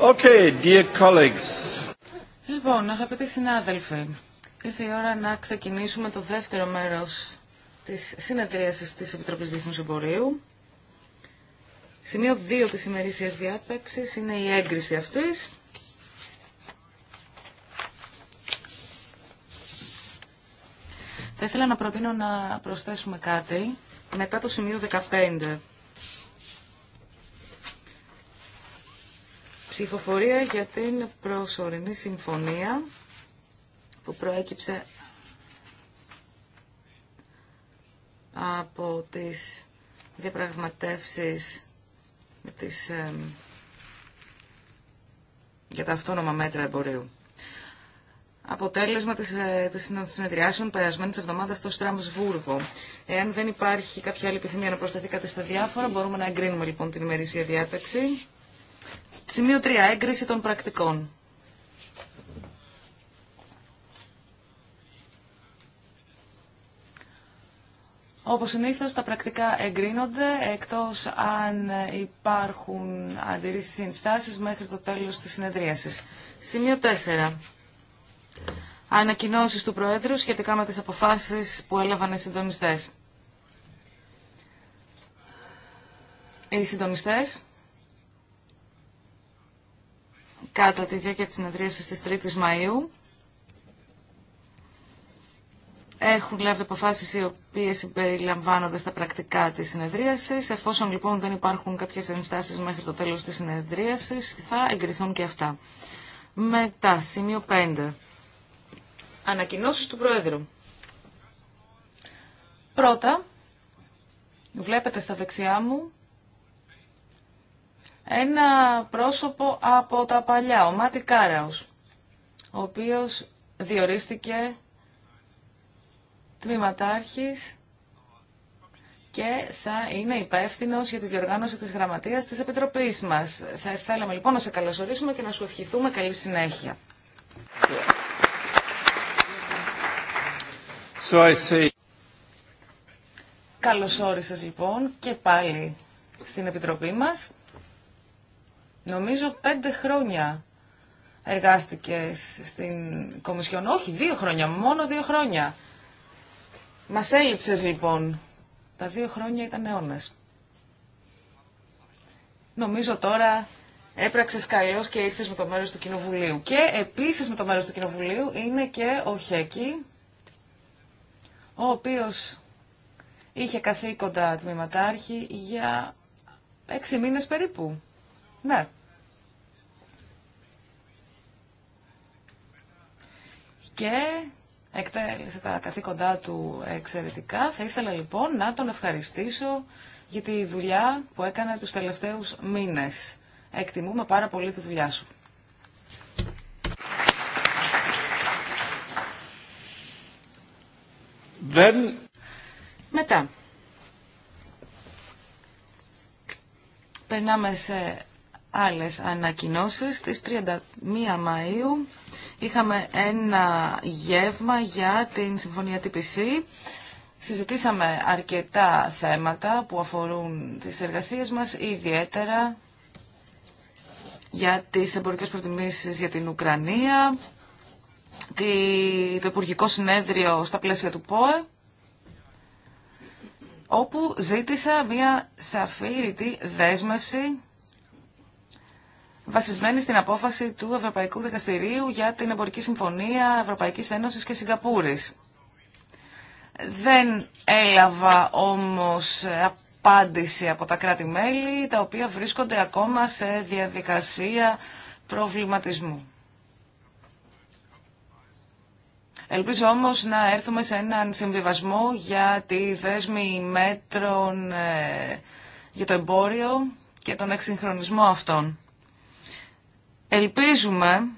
Okay, dear colleagues. Λοιπόν, αγαπητοί συνάδελφοι, ήρθε η ώρα να ξεκινήσουμε το δεύτερο μέρος της συνεδρίασης της Επιτροπής Διεθνούς Εμπορίου. Σημείο 2 της ημερήσιας διάταξης είναι η έγκριση αυτής. Θα ήθελα να προτείνω να προσθέσουμε κάτι μετά το σημείο 15. Ψηφοφορία για την προσωρινή συμφωνία που προέκυψε από τις διαπραγματεύσεις της, για τα αυτόνομα μέτρα εμπορίου. Αποτέλεσμα της, ε, της συνεδριάσεων περασμένης εβδομάδας στο Στραμσβούργο. Εάν δεν υπάρχει κάποια άλλη επιθυμία να προσταθεί κάτι στα διάφορα, μπορούμε να εγκρίνουμε λοιπόν την ημερήσια διάταξη. Σημείο 3. Έγκριση των πρακτικών. Όπως συνήθως τα πρακτικά εγκρίνονται εκτός αν υπάρχουν αντιρρήσεις ή μέχρι το τέλος της συνεδρίασης. Σημείο 4. Ανακοινώσεις του Προέδρου σχετικά με τις αποφάσεις που έλαβαν οι συντονιστές. Οι συντονιστές κατά τη διάρκεια της συνεδρίασης της 3ης Μαΐου. Έχουν λάβει αποφάσεις οι οποίες συμπεριλαμβάνονται στα πρακτικά της συνεδρίασης. Εφόσον λοιπόν δεν υπάρχουν κάποιες ενστάσεις μέχρι το τέλος της συνεδρίασης, θα εγκριθούν και αυτά. Μετά, σημείο 5. Ανακοινώσεις του Προέδρου. Πρώτα, βλέπετε στα δεξιά μου ένα πρόσωπο από τα παλιά, ο Μάτι Κάραους, ο οποίος διορίστηκε τμήματάρχης και θα είναι υπεύθυνο για τη διοργάνωση της γραμματείας της Επιτροπής μας. Θα θέλαμε λοιπόν να σε καλωσορίσουμε και να σου ευχηθούμε καλή συνέχεια. So I say... Καλώς όρισες λοιπόν και πάλι στην Επιτροπή μας. Νομίζω πέντε χρόνια εργάστηκε στην Κομισιόν. Όχι, δύο χρόνια, μόνο δύο χρόνια. Μα έλειψε λοιπόν. Τα δύο χρόνια ήταν αιώνε. Νομίζω τώρα έπραξες καλώ και ήρθες με το μέρο του Κοινοβουλίου. Και επίση με το μέρο του Κοινοβουλίου είναι και ο Χέκη, ο οποίος είχε καθήκοντα τμήματάρχη για έξι μήνε περίπου. Ναι. Και εκτέλεσε τα καθήκοντά του εξαιρετικά. Θα ήθελα λοιπόν να τον ευχαριστήσω για τη δουλειά που έκανε τους τελευταίους μήνες. Εκτιμούμε πάρα πολύ τη δουλειά σου. Μετά. Περνάμε σε Άλλες ανακοινώσεις. Στις 31 Μαΐου είχαμε ένα γεύμα για την Συμφωνία TPC. Συζητήσαμε αρκετά θέματα που αφορούν τις εργασίες μας, ιδιαίτερα για τις εμπορικές προτιμήσεις για την Ουκρανία, το Υπουργικό Συνέδριο στα πλαίσια του ΠΟΕ, όπου ζήτησα μια σαφή δέσμευση βασισμένη στην απόφαση του Ευρωπαϊκού Δικαστηρίου για την Εμπορική Συμφωνία Ευρωπαϊκής Ένωσης και Σιγκαπούρης. Δεν έλαβα όμως απάντηση από τα κράτη-μέλη, τα οποία βρίσκονται ακόμα σε διαδικασία προβληματισμού. Ελπίζω όμως να έρθουμε σε έναν συμβιβασμό για τη δέσμη μέτρων ε, για το εμπόριο και τον εξυγχρονισμό αυτών. Ελπίζουμε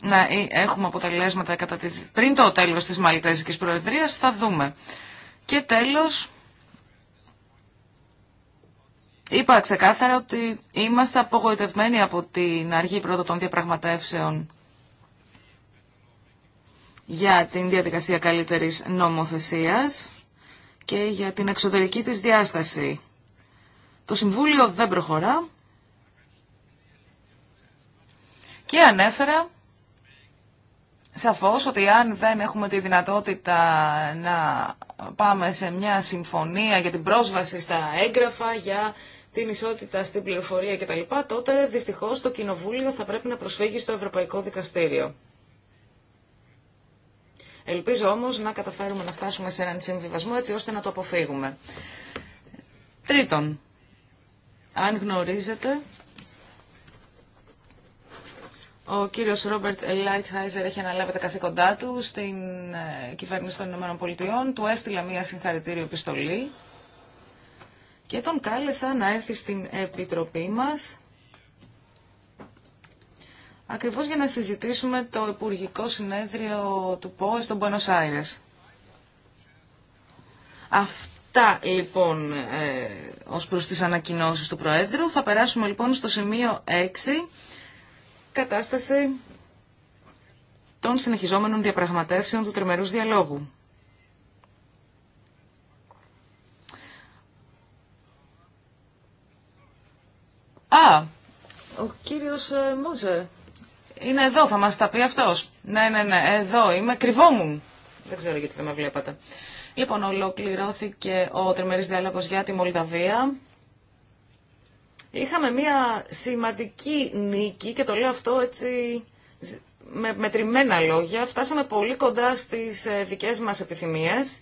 να ε, έχουμε αποτελέσματα κατά τη... πριν το τέλος της Μαλτέζικης Προεδρίας, θα δούμε. Και τέλος, είπα ξεκάθαρα ότι είμαστε απογοητευμένοι από την αργή πρώτα των διαπραγματεύσεων για την διαδικασία καλύτερης νομοθεσίας και για την εξωτερική της διάσταση. Το Συμβούλιο δεν προχωρά Και ανέφερα σαφώς ότι αν δεν έχουμε τη δυνατότητα να πάμε σε μια συμφωνία για την πρόσβαση στα έγγραφα, για την ισότητα στην πληροφορία κτλ., τότε δυστυχώς το Κοινοβούλιο θα πρέπει να προσφύγει στο Ευρωπαϊκό Δικαστήριο. Ελπίζω όμως να καταφέρουμε να φτάσουμε σε έναν συμβιβασμό έτσι ώστε να το αποφύγουμε. Τρίτον, αν γνωρίζετε, ο κύριος Ρόμπερτ Λάιτχάιζερ έχει αναλάβει τα καθήκοντά του στην ε, κυβέρνηση των Ηνωμένων Πολιτειών. Του έστειλα μία συγχαρητήριο επιστολή και τον κάλεσα να έρθει στην Επιτροπή μας ακριβώς για να συζητήσουμε το Υπουργικό Συνέδριο του ΠΟΕ στον Πουένος Άιρες. Αυτά λοιπόν ε, ως προς τις ανακοινώσεις του Προέδρου. Θα περάσουμε λοιπόν στο σημείο 6 κατάσταση των συνεχιζόμενων διαπραγματεύσεων του τριμερούς διαλόγου. Α, ο κύριος ε, Μόζε είναι εδώ, θα μας τα πει αυτός. Ναι, ναι, ναι, εδώ είμαι, κρυβόμουν. Δεν ξέρω γιατί δεν με βλέπατε. Λοιπόν, ολοκληρώθηκε ο τριμερής διάλογος για τη Μολδαβία. Είχαμε μία σημαντική νίκη και το λέω αυτό έτσι με μετρημένα λόγια. Φτάσαμε πολύ κοντά στις ε, δικές μας επιθυμίες.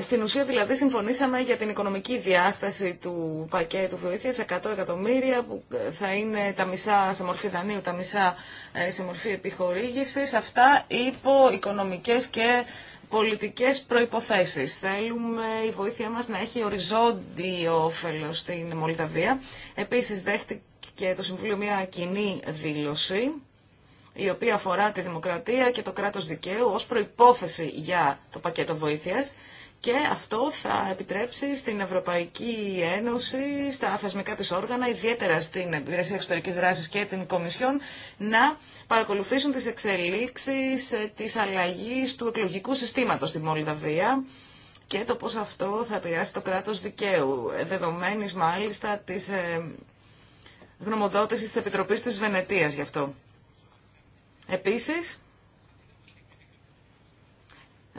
Στην ουσία δηλαδή συμφωνήσαμε για την οικονομική διάσταση του πακέτου βοήθειας 100 εκατομμύρια που ε, θα είναι τα μισά σε μορφή δανείου, τα μισά ε, σε μορφή επιχορήγησης. Αυτά υπό οικονομικές και πολιτικές προϋποθέσεις. Θέλουμε η βοήθειά μας να έχει οριζόντιο όφελο στην Μολδαβία. Επίσης δέχτηκε το Συμβούλιο μια κοινή δήλωση η οποία αφορά τη δημοκρατία και το κράτος δικαίου ως προϋπόθεση για το πακέτο βοήθειας και αυτό θα επιτρέψει στην Ευρωπαϊκή Ένωση, στα θεσμικά της όργανα, ιδιαίτερα στην Υπηρεσία Εξωτερικής Δράσης και την Κομισιόν, να παρακολουθήσουν τις εξελίξεις ε, της αλλαγής του εκλογικού συστήματος στη Μολδαβία και το πώς αυτό θα επηρεάσει το κράτος δικαίου, ε, δεδομένης μάλιστα της ε, γνωμοδότησης της Επιτροπής της Βενετίας γι' αυτό. Επίσης,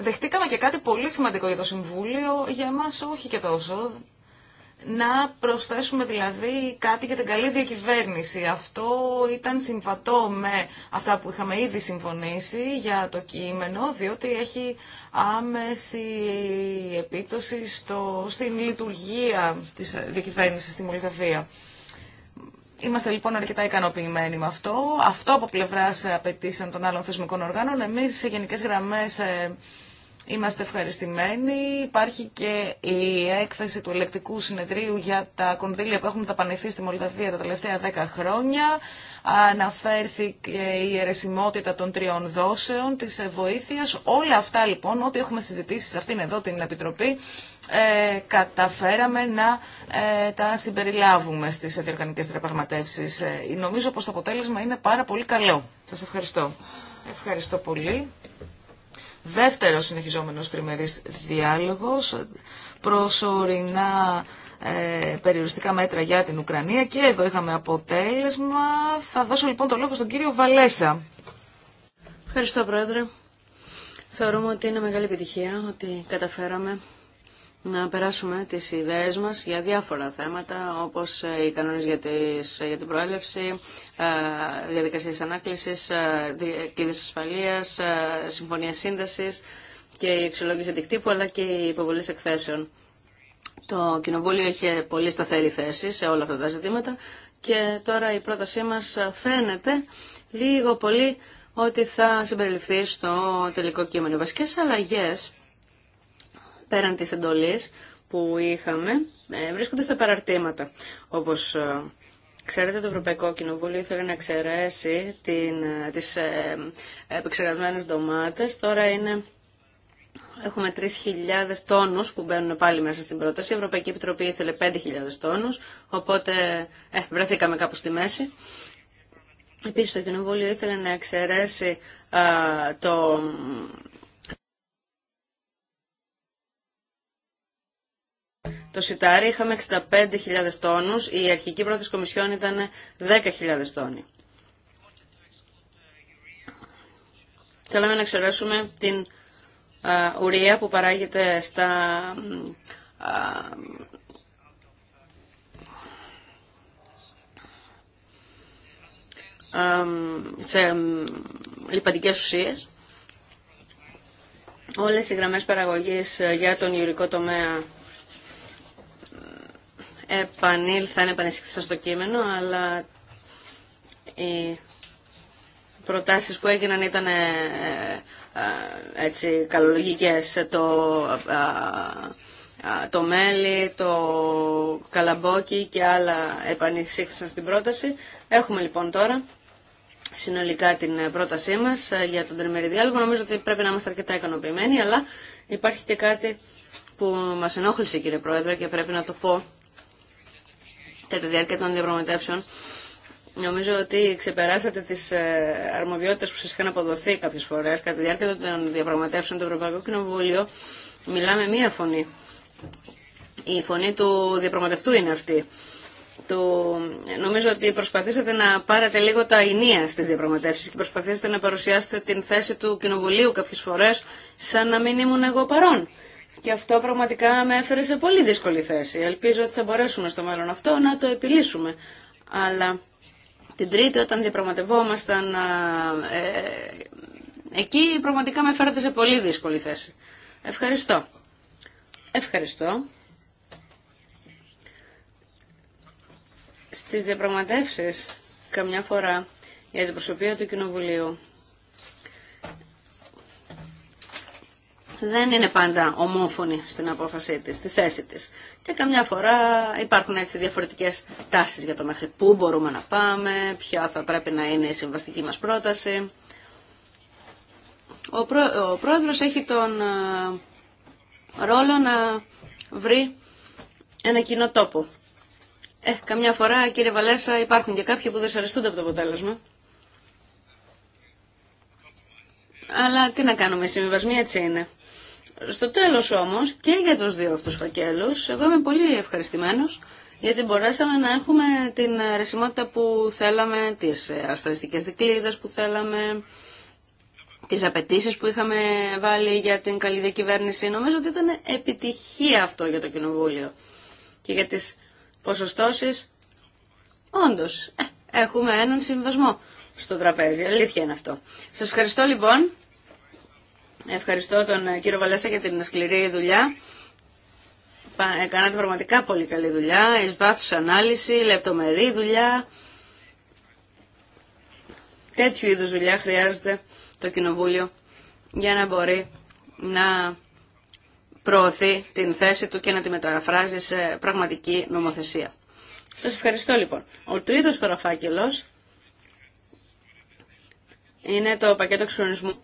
δεχτήκαμε και κάτι πολύ σημαντικό για το Συμβούλιο, για εμάς όχι και τόσο. Να προσθέσουμε δηλαδή κάτι για την καλή διακυβέρνηση. Αυτό ήταν συμβατό με αυτά που είχαμε ήδη συμφωνήσει για το κείμενο, διότι έχει άμεση επίπτωση στο, στην λειτουργία της διακυβέρνησης στη Μολδαβία. Είμαστε λοιπόν αρκετά ικανοποιημένοι με αυτό. Αυτό από πλευρά απαιτήσεων των άλλων θεσμικών οργάνων. Εμεί σε γενικέ γραμμέ ε, Είμαστε ευχαριστημένοι. Υπάρχει και η έκθεση του ελεκτικού συνεδρίου για τα κονδύλια που έχουν δαπανηθεί στη Μολδαβία τα τελευταία δέκα χρόνια. Αναφέρθηκε η αιρεσιμότητα των τριών δόσεων, της βοήθειας. Όλα αυτά λοιπόν, ό,τι έχουμε συζητήσει σε αυτήν εδώ την Επιτροπή, ε, καταφέραμε να ε, τα συμπεριλάβουμε στις διοργανικές διαπραγματεύσεις. Ε, νομίζω πως το αποτέλεσμα είναι πάρα πολύ καλό. Σας ευχαριστώ. Ευχαριστώ πολύ. Δεύτερο συνεχιζόμενος τριμερής διάλογος, προσωρινά ε, περιοριστικά μέτρα για την Ουκρανία και εδώ είχαμε αποτέλεσμα. Θα δώσω λοιπόν το λόγο στον κύριο Βαλέσα. Ευχαριστώ Πρόεδρε. Θεωρούμε ότι είναι μεγάλη επιτυχία ότι καταφέραμε να περάσουμε τις ιδέες μας για διάφορα θέματα όπως ε, οι κανόνες για, τις, ε, για την προέλευση, ε, διαδικασίες ανάκλησης, κλίδες ασφαλείας, συμφωνία σύνδεσης και η εξολόγηση αντικτύπου αλλά και η υποβολή εκθέσεων. Το Κοινοβούλιο έχει πολύ σταθερή θέση σε όλα αυτά τα ζητήματα και τώρα η πρότασή μας φαίνεται λίγο πολύ ότι θα συμπεριληφθεί στο τελικό κείμενο. Οι βασικές αλλαγές πέραν της εντολής που είχαμε, ε, βρίσκονται στα παραρτήματα. Όπως ε, Ξέρετε, το Ευρωπαϊκό Κοινοβούλιο ήθελε να εξαιρέσει την, ε, τις επεξεργασμένες ντομάτες. Τώρα είναι, έχουμε 3.000 τόνους που μπαίνουν πάλι μέσα στην πρόταση. Η Ευρωπαϊκή Επιτροπή ήθελε 5.000 τόνους, οπότε βρεθήκαμε κάπου στη μέση. Επίσης, το Κοινοβούλιο ήθελε να εξαιρέσει το το σιτάρι είχαμε 65.000 τόνους, η αρχική πρώτη κομισιόν ήταν 10.000 τόνοι. Θέλαμε να εξαιρέσουμε την α, ουρία που παράγεται στα, α, σε λιπαντικές ουσίες. Όλες οι γραμμές παραγωγής ε, για τον ιουρικό τομέα επανήλθαν, επανεσυχθήσαν στο κείμενο, αλλά οι προτάσεις που έγιναν ήταν ε, ε, έτσι καλολογικές. Το, ε, το μέλι, το καλαμπόκι και άλλα επανησύχθησαν στην πρόταση. Έχουμε λοιπόν τώρα συνολικά την πρότασή μας για τον τριμερή διάλογο. Νομίζω ότι πρέπει να είμαστε αρκετά ικανοποιημένοι, αλλά υπάρχει και κάτι που μας ενόχλησε κύριε Πρόεδρε και πρέπει να το πω κατά τη διάρκεια των διαπραγματεύσεων. Νομίζω ότι ξεπεράσατε τι ε, αρμοδιότητε που σα είχαν αποδοθεί κάποιε φορέ. Κατά τη διάρκεια των διαπραγματεύσεων, του Ευρωπαϊκό Κοινοβούλιο μιλάμε μία φωνή. Η φωνή του διαπραγματευτού είναι αυτή. Το Νομίζω ότι προσπαθήσατε να πάρετε λίγο τα ενία στις διαπραγματεύσεις και προσπαθήσατε να παρουσιάσετε την θέση του Κοινοβουλίου κάποιες φορές σαν να μην ήμουν εγώ παρόν. Και αυτό πραγματικά με έφερε σε πολύ δύσκολη θέση. Ελπίζω ότι θα μπορέσουμε στο μέλλον αυτό να το επιλύσουμε. Αλλά την Τρίτη όταν διαπραγματευόμασταν ε, εκεί πραγματικά με έφερε σε πολύ δύσκολη θέση. Ευχαριστώ. Ευχαριστώ. Στις διαπραγματεύσεις καμιά φορά η αντιπροσωπεία του Κοινοβουλίου δεν είναι πάντα ομόφωνη στην απόφασή της, στη θέση της. Και καμιά φορά υπάρχουν έτσι διαφορετικές τάσεις για το μέχρι πού μπορούμε να πάμε, ποια θα πρέπει να είναι η συμβαστική μας πρόταση. Ο, πρό, πρόεδρος έχει τον ε, ρόλο να βρει ένα κοινό τόπο. Ε, καμιά φορά, κύριε Βαλέσα, υπάρχουν και κάποιοι που δυσαρεστούνται από το αποτέλεσμα. Αλλά τι να κάνουμε, οι συμβιβασμοί έτσι είναι. Στο τέλος όμως και για τους δύο αυτούς φακέλους εγώ είμαι πολύ ευχαριστημένος γιατί μπορέσαμε να έχουμε την ρεσιμότητα που θέλαμε, τις ασφαλιστικές δικλείδες που θέλαμε, τις απαιτήσει που είχαμε βάλει για την καλή διακυβέρνηση. Νομίζω ότι ήταν επιτυχία αυτό για το Κοινοβούλιο και για τις ποσοστώσεις. Όντως, ε, έχουμε έναν συμβασμό στο τραπέζι. Αλήθεια είναι αυτό. Σας ευχαριστώ λοιπόν. Ευχαριστώ τον ε, κύριο Βαλέσσα για την σκληρή δουλειά. Ε, κάνατε πραγματικά πολύ καλή δουλειά, εις βάθους ανάλυση, λεπτομερή δουλειά. Τέτοιου είδους δουλειά χρειάζεται το Κοινοβούλιο για να μπορεί να προωθεί την θέση του και να τη μεταφράζει σε πραγματική νομοθεσία. Σας ευχαριστώ λοιπόν. Ο τρίτος τώρα φάκελος είναι το πακέτο εξχρονισμού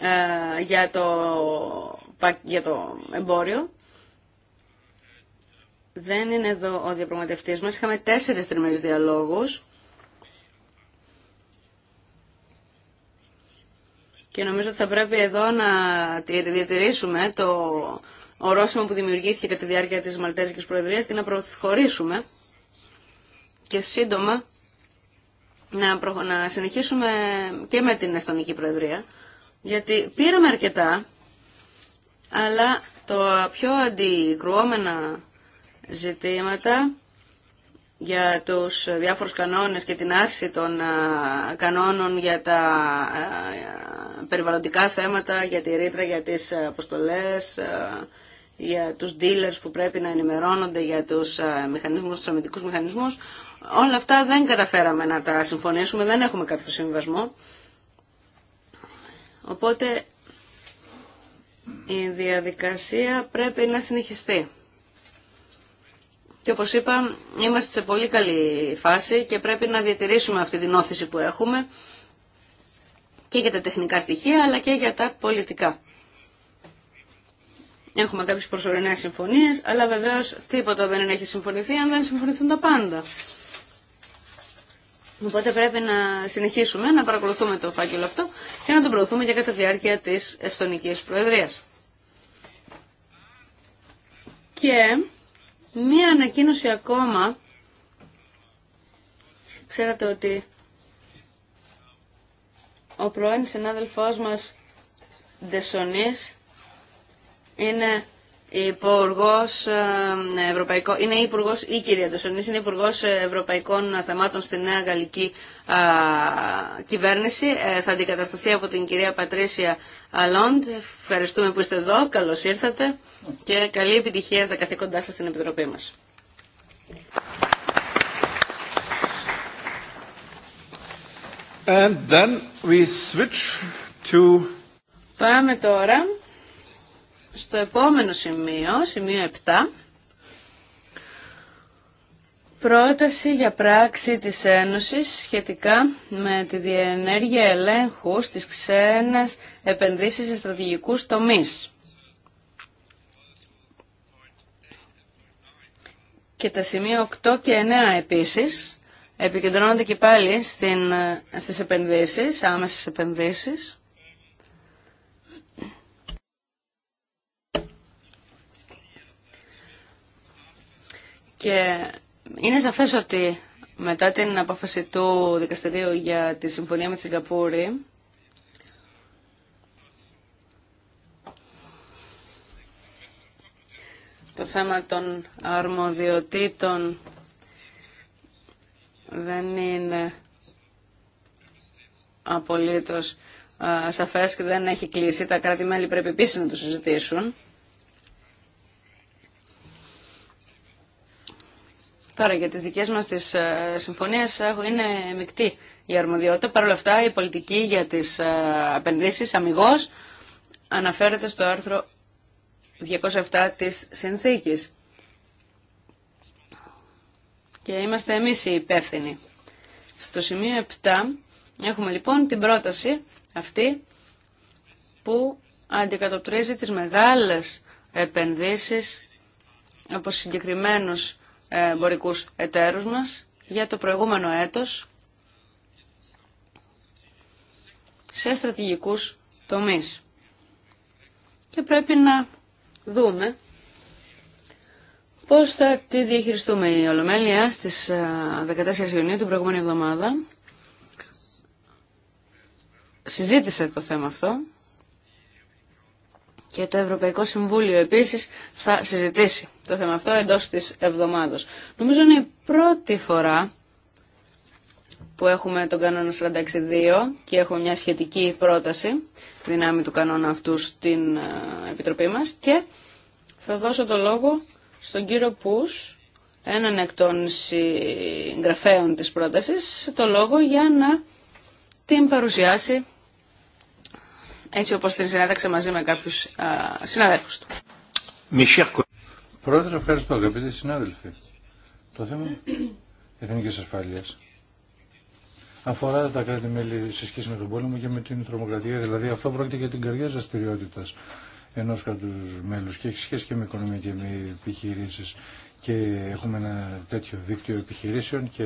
ε, για, το, για το εμπόριο. Δεν είναι εδώ ο διαπραγματευτής μας. Είχαμε τέσσερις τριμμένες διαλόγους. Και νομίζω ότι θα πρέπει εδώ να διατηρήσουμε το ορόσημο που δημιουργήθηκε κατά τη διάρκεια της Μαλτέζικης Προεδρίας και να προχωρήσουμε και σύντομα να, συνεχίσουμε και με την Εστονική Προεδρία γιατί πήραμε αρκετά, αλλά το πιο αντικρουόμενα ζητήματα για τους διάφορους κανόνες και την άρση των κανόνων για τα περιβαλλοντικά θέματα, για τη ρήτρα, για τις αποστολές, για τους dealers που πρέπει να ενημερώνονται για τους μηχανισμούς, τους αμυντικούς μηχανισμούς. Όλα αυτά δεν καταφέραμε να τα συμφωνήσουμε, δεν έχουμε κάποιο συμβασμό. Οπότε η διαδικασία πρέπει να συνεχιστεί. Και όπως είπα, είμαστε σε πολύ καλή φάση και πρέπει να διατηρήσουμε αυτή την όθηση που έχουμε και για τα τεχνικά στοιχεία αλλά και για τα πολιτικά. Έχουμε κάποιες προσωρινές συμφωνίες, αλλά βεβαίως τίποτα δεν έχει συμφωνηθεί αν δεν συμφωνηθούν τα πάντα. Οπότε πρέπει να συνεχίσουμε να παρακολουθούμε το φάκελο αυτό και να τον προωθούμε για κατά τη διάρκεια της Εστονικής Προεδρίας. Και μία ανακοίνωση ακόμα. Ξέρατε ότι ο πρώην συνάδελφός μας Ντεσονής είναι ε, Ευρωπαϊκό, είναι υπουργό η κυρία είναι υπουργό ε, Ευρωπαϊκών Θεμάτων στη Νέα Γαλλική Κυβέρνηση. Ε, θα αντικατασταθεί από την κυρία Πατρίσια Αλόντ. Ευχαριστούμε που είστε εδώ. Καλώς ήρθατε και καλή επιτυχία στα καθήκοντά σα στην Επιτροπή μας. And then we switch to... Πάμε τώρα στο επόμενο σημείο, σημείο 7, πρόταση για πράξη της Ένωσης σχετικά με τη διενέργεια ελέγχου στις ξένες επενδύσεις σε στρατηγικούς τομείς. Και τα σημεία 8 και 9 επίσης επικεντρώνονται και πάλι στην, στις επενδύσεις, άμεσες επενδύσεις. Και είναι σαφές ότι μετά την απόφαση του δικαστηρίου για τη συμφωνία με τη Σιγκαπούρη, το θέμα των αρμοδιοτήτων δεν είναι απολύτως σαφές και δεν έχει κλείσει. Τα κράτη-μέλη πρέπει επίσης να το συζητήσουν. Τώρα για τις δικές μας τις ε, συμφωνίες ε, είναι μεικτή η αρμοδιότητα. Παρ' όλα αυτά η πολιτική για τις ε, επενδύσεις αμυγός αναφέρεται στο άρθρο 207 της συνθήκης. Και είμαστε εμείς οι υπεύθυνοι. Στο σημείο 7 έχουμε λοιπόν την πρόταση αυτή που αντικατοπτρίζει τις μεγάλες επενδύσεις από συγκεκριμένους εμπορικού εταίρους μας για το προηγούμενο έτος σε στρατηγικού τομεί. Και πρέπει να δούμε πώς θα τη διαχειριστούμε. Η Ολομέλεια στις 14 Ιουνίου την προηγούμενη εβδομάδα συζήτησε το θέμα αυτό και το Ευρωπαϊκό Συμβούλιο επίσης θα συζητήσει το θέμα αυτό εντός της εβδομάδος. Νομίζω είναι η πρώτη φορά που έχουμε τον κανόνα 46.2 και έχουμε μια σχετική πρόταση δυνάμει του κανόνα αυτού στην ε, Επιτροπή μας και θα δώσω το λόγο στον κύριο Πούς, έναν εκ των συγγραφέων της πρότασης, το λόγο για να την παρουσιάσει έτσι όπως την συνέδεξε μαζί με κάποιους συναδέλφους του. Πρόεδρε, ευχαριστώ αγαπητοί συνάδελφοι. Το θέμα εθνικής ασφάλειας αφορά τα κράτη-μέλη σε σχέση με τον πόλεμο και με την τρομοκρατία. Δηλαδή αυτό πρόκειται για την καρδιά δραστηριότητα ενό κράτου μέλου και έχει σχέση και με οικονομία και με και έχουμε ένα τέτοιο δίκτυο επιχειρήσεων και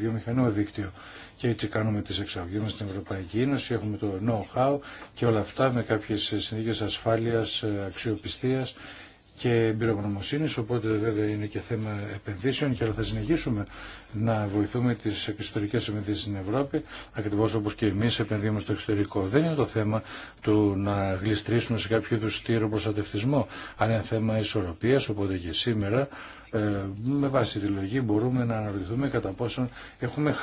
βιομηχανό δίκτυο. Και έτσι κάνουμε τις εξαγωγές μας στην Ευρωπαϊκή Ένωση, έχουμε το know-how και όλα αυτά με κάποιες συνθήκες ασφάλειας, αξιοπιστία και εμπειρογνωμοσύνη, οπότε βέβαια είναι και θέμα επενδύσεων και θα συνεχίσουμε να βοηθούμε τι εξωτερικέ επενδύσει στην Ευρώπη, ακριβώ όπω και εμεί επενδύουμε στο εξωτερικό. Δεν είναι το θέμα του να γλιστρήσουμε σε κάποιο είδου στήρο προστατευτισμό, αλλά είναι θέμα ισορροπία, οπότε και σήμερα ε, με βάση τη λογική μπορούμε να αναρωτηθούμε κατά πόσον έχουμε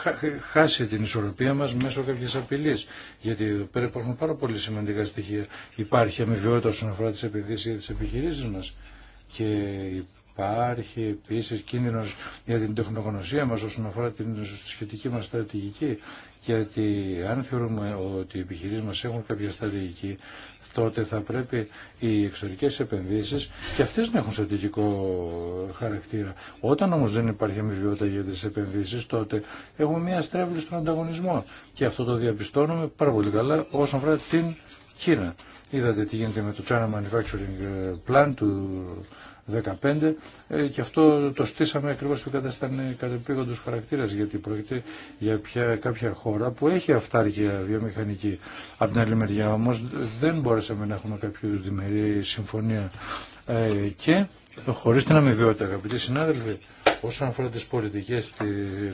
χάσει την ισορροπία μας μέσω κάποιες απειλής. Γιατί εδώ πέρα υπάρχουν πάρα πολύ σημαντικά στοιχεία. Υπάρχει αμοιβαιότητα όσον αφορά τις επενδύσεις για τις επιχειρήσεις μας και υπάρχει επίσης κίνδυνος για την τεχνογνωσία μας όσον αφορά την σχετική μας στρατηγική. Γιατί αν θεωρούμε ότι οι επιχειρήσεις μας έχουν κάποια στρατηγική, τότε θα πρέπει οι εξωτερικές επενδύσεις και αυτές να έχουν στρατηγικό χαρακτήρα. Όταν όμως δεν υπάρχει αμοιβιότητα για τις επενδύσεις, τότε έχουμε μια στρέβλωση στον ανταγωνισμό. Και αυτό το διαπιστώνουμε πάρα πολύ καλά όσον αφορά την Κίνα. Είδατε τι γίνεται με το China Manufacturing Plan του 15 ε, και αυτό το στήσαμε ακριβώ στο ήταν χαρακτήρας χαρακτήρα γιατί πρόκειται για κάποια χώρα που έχει αυτάρκεια βιομηχανική. Από την άλλη μεριά όμω δεν μπόρεσαμε να έχουμε κάποιο διμερή συμφωνία ε, και χωρί την αμοιβαιότητα αγαπητοί συνάδελφοι Όσον αφορά τι πολιτικέ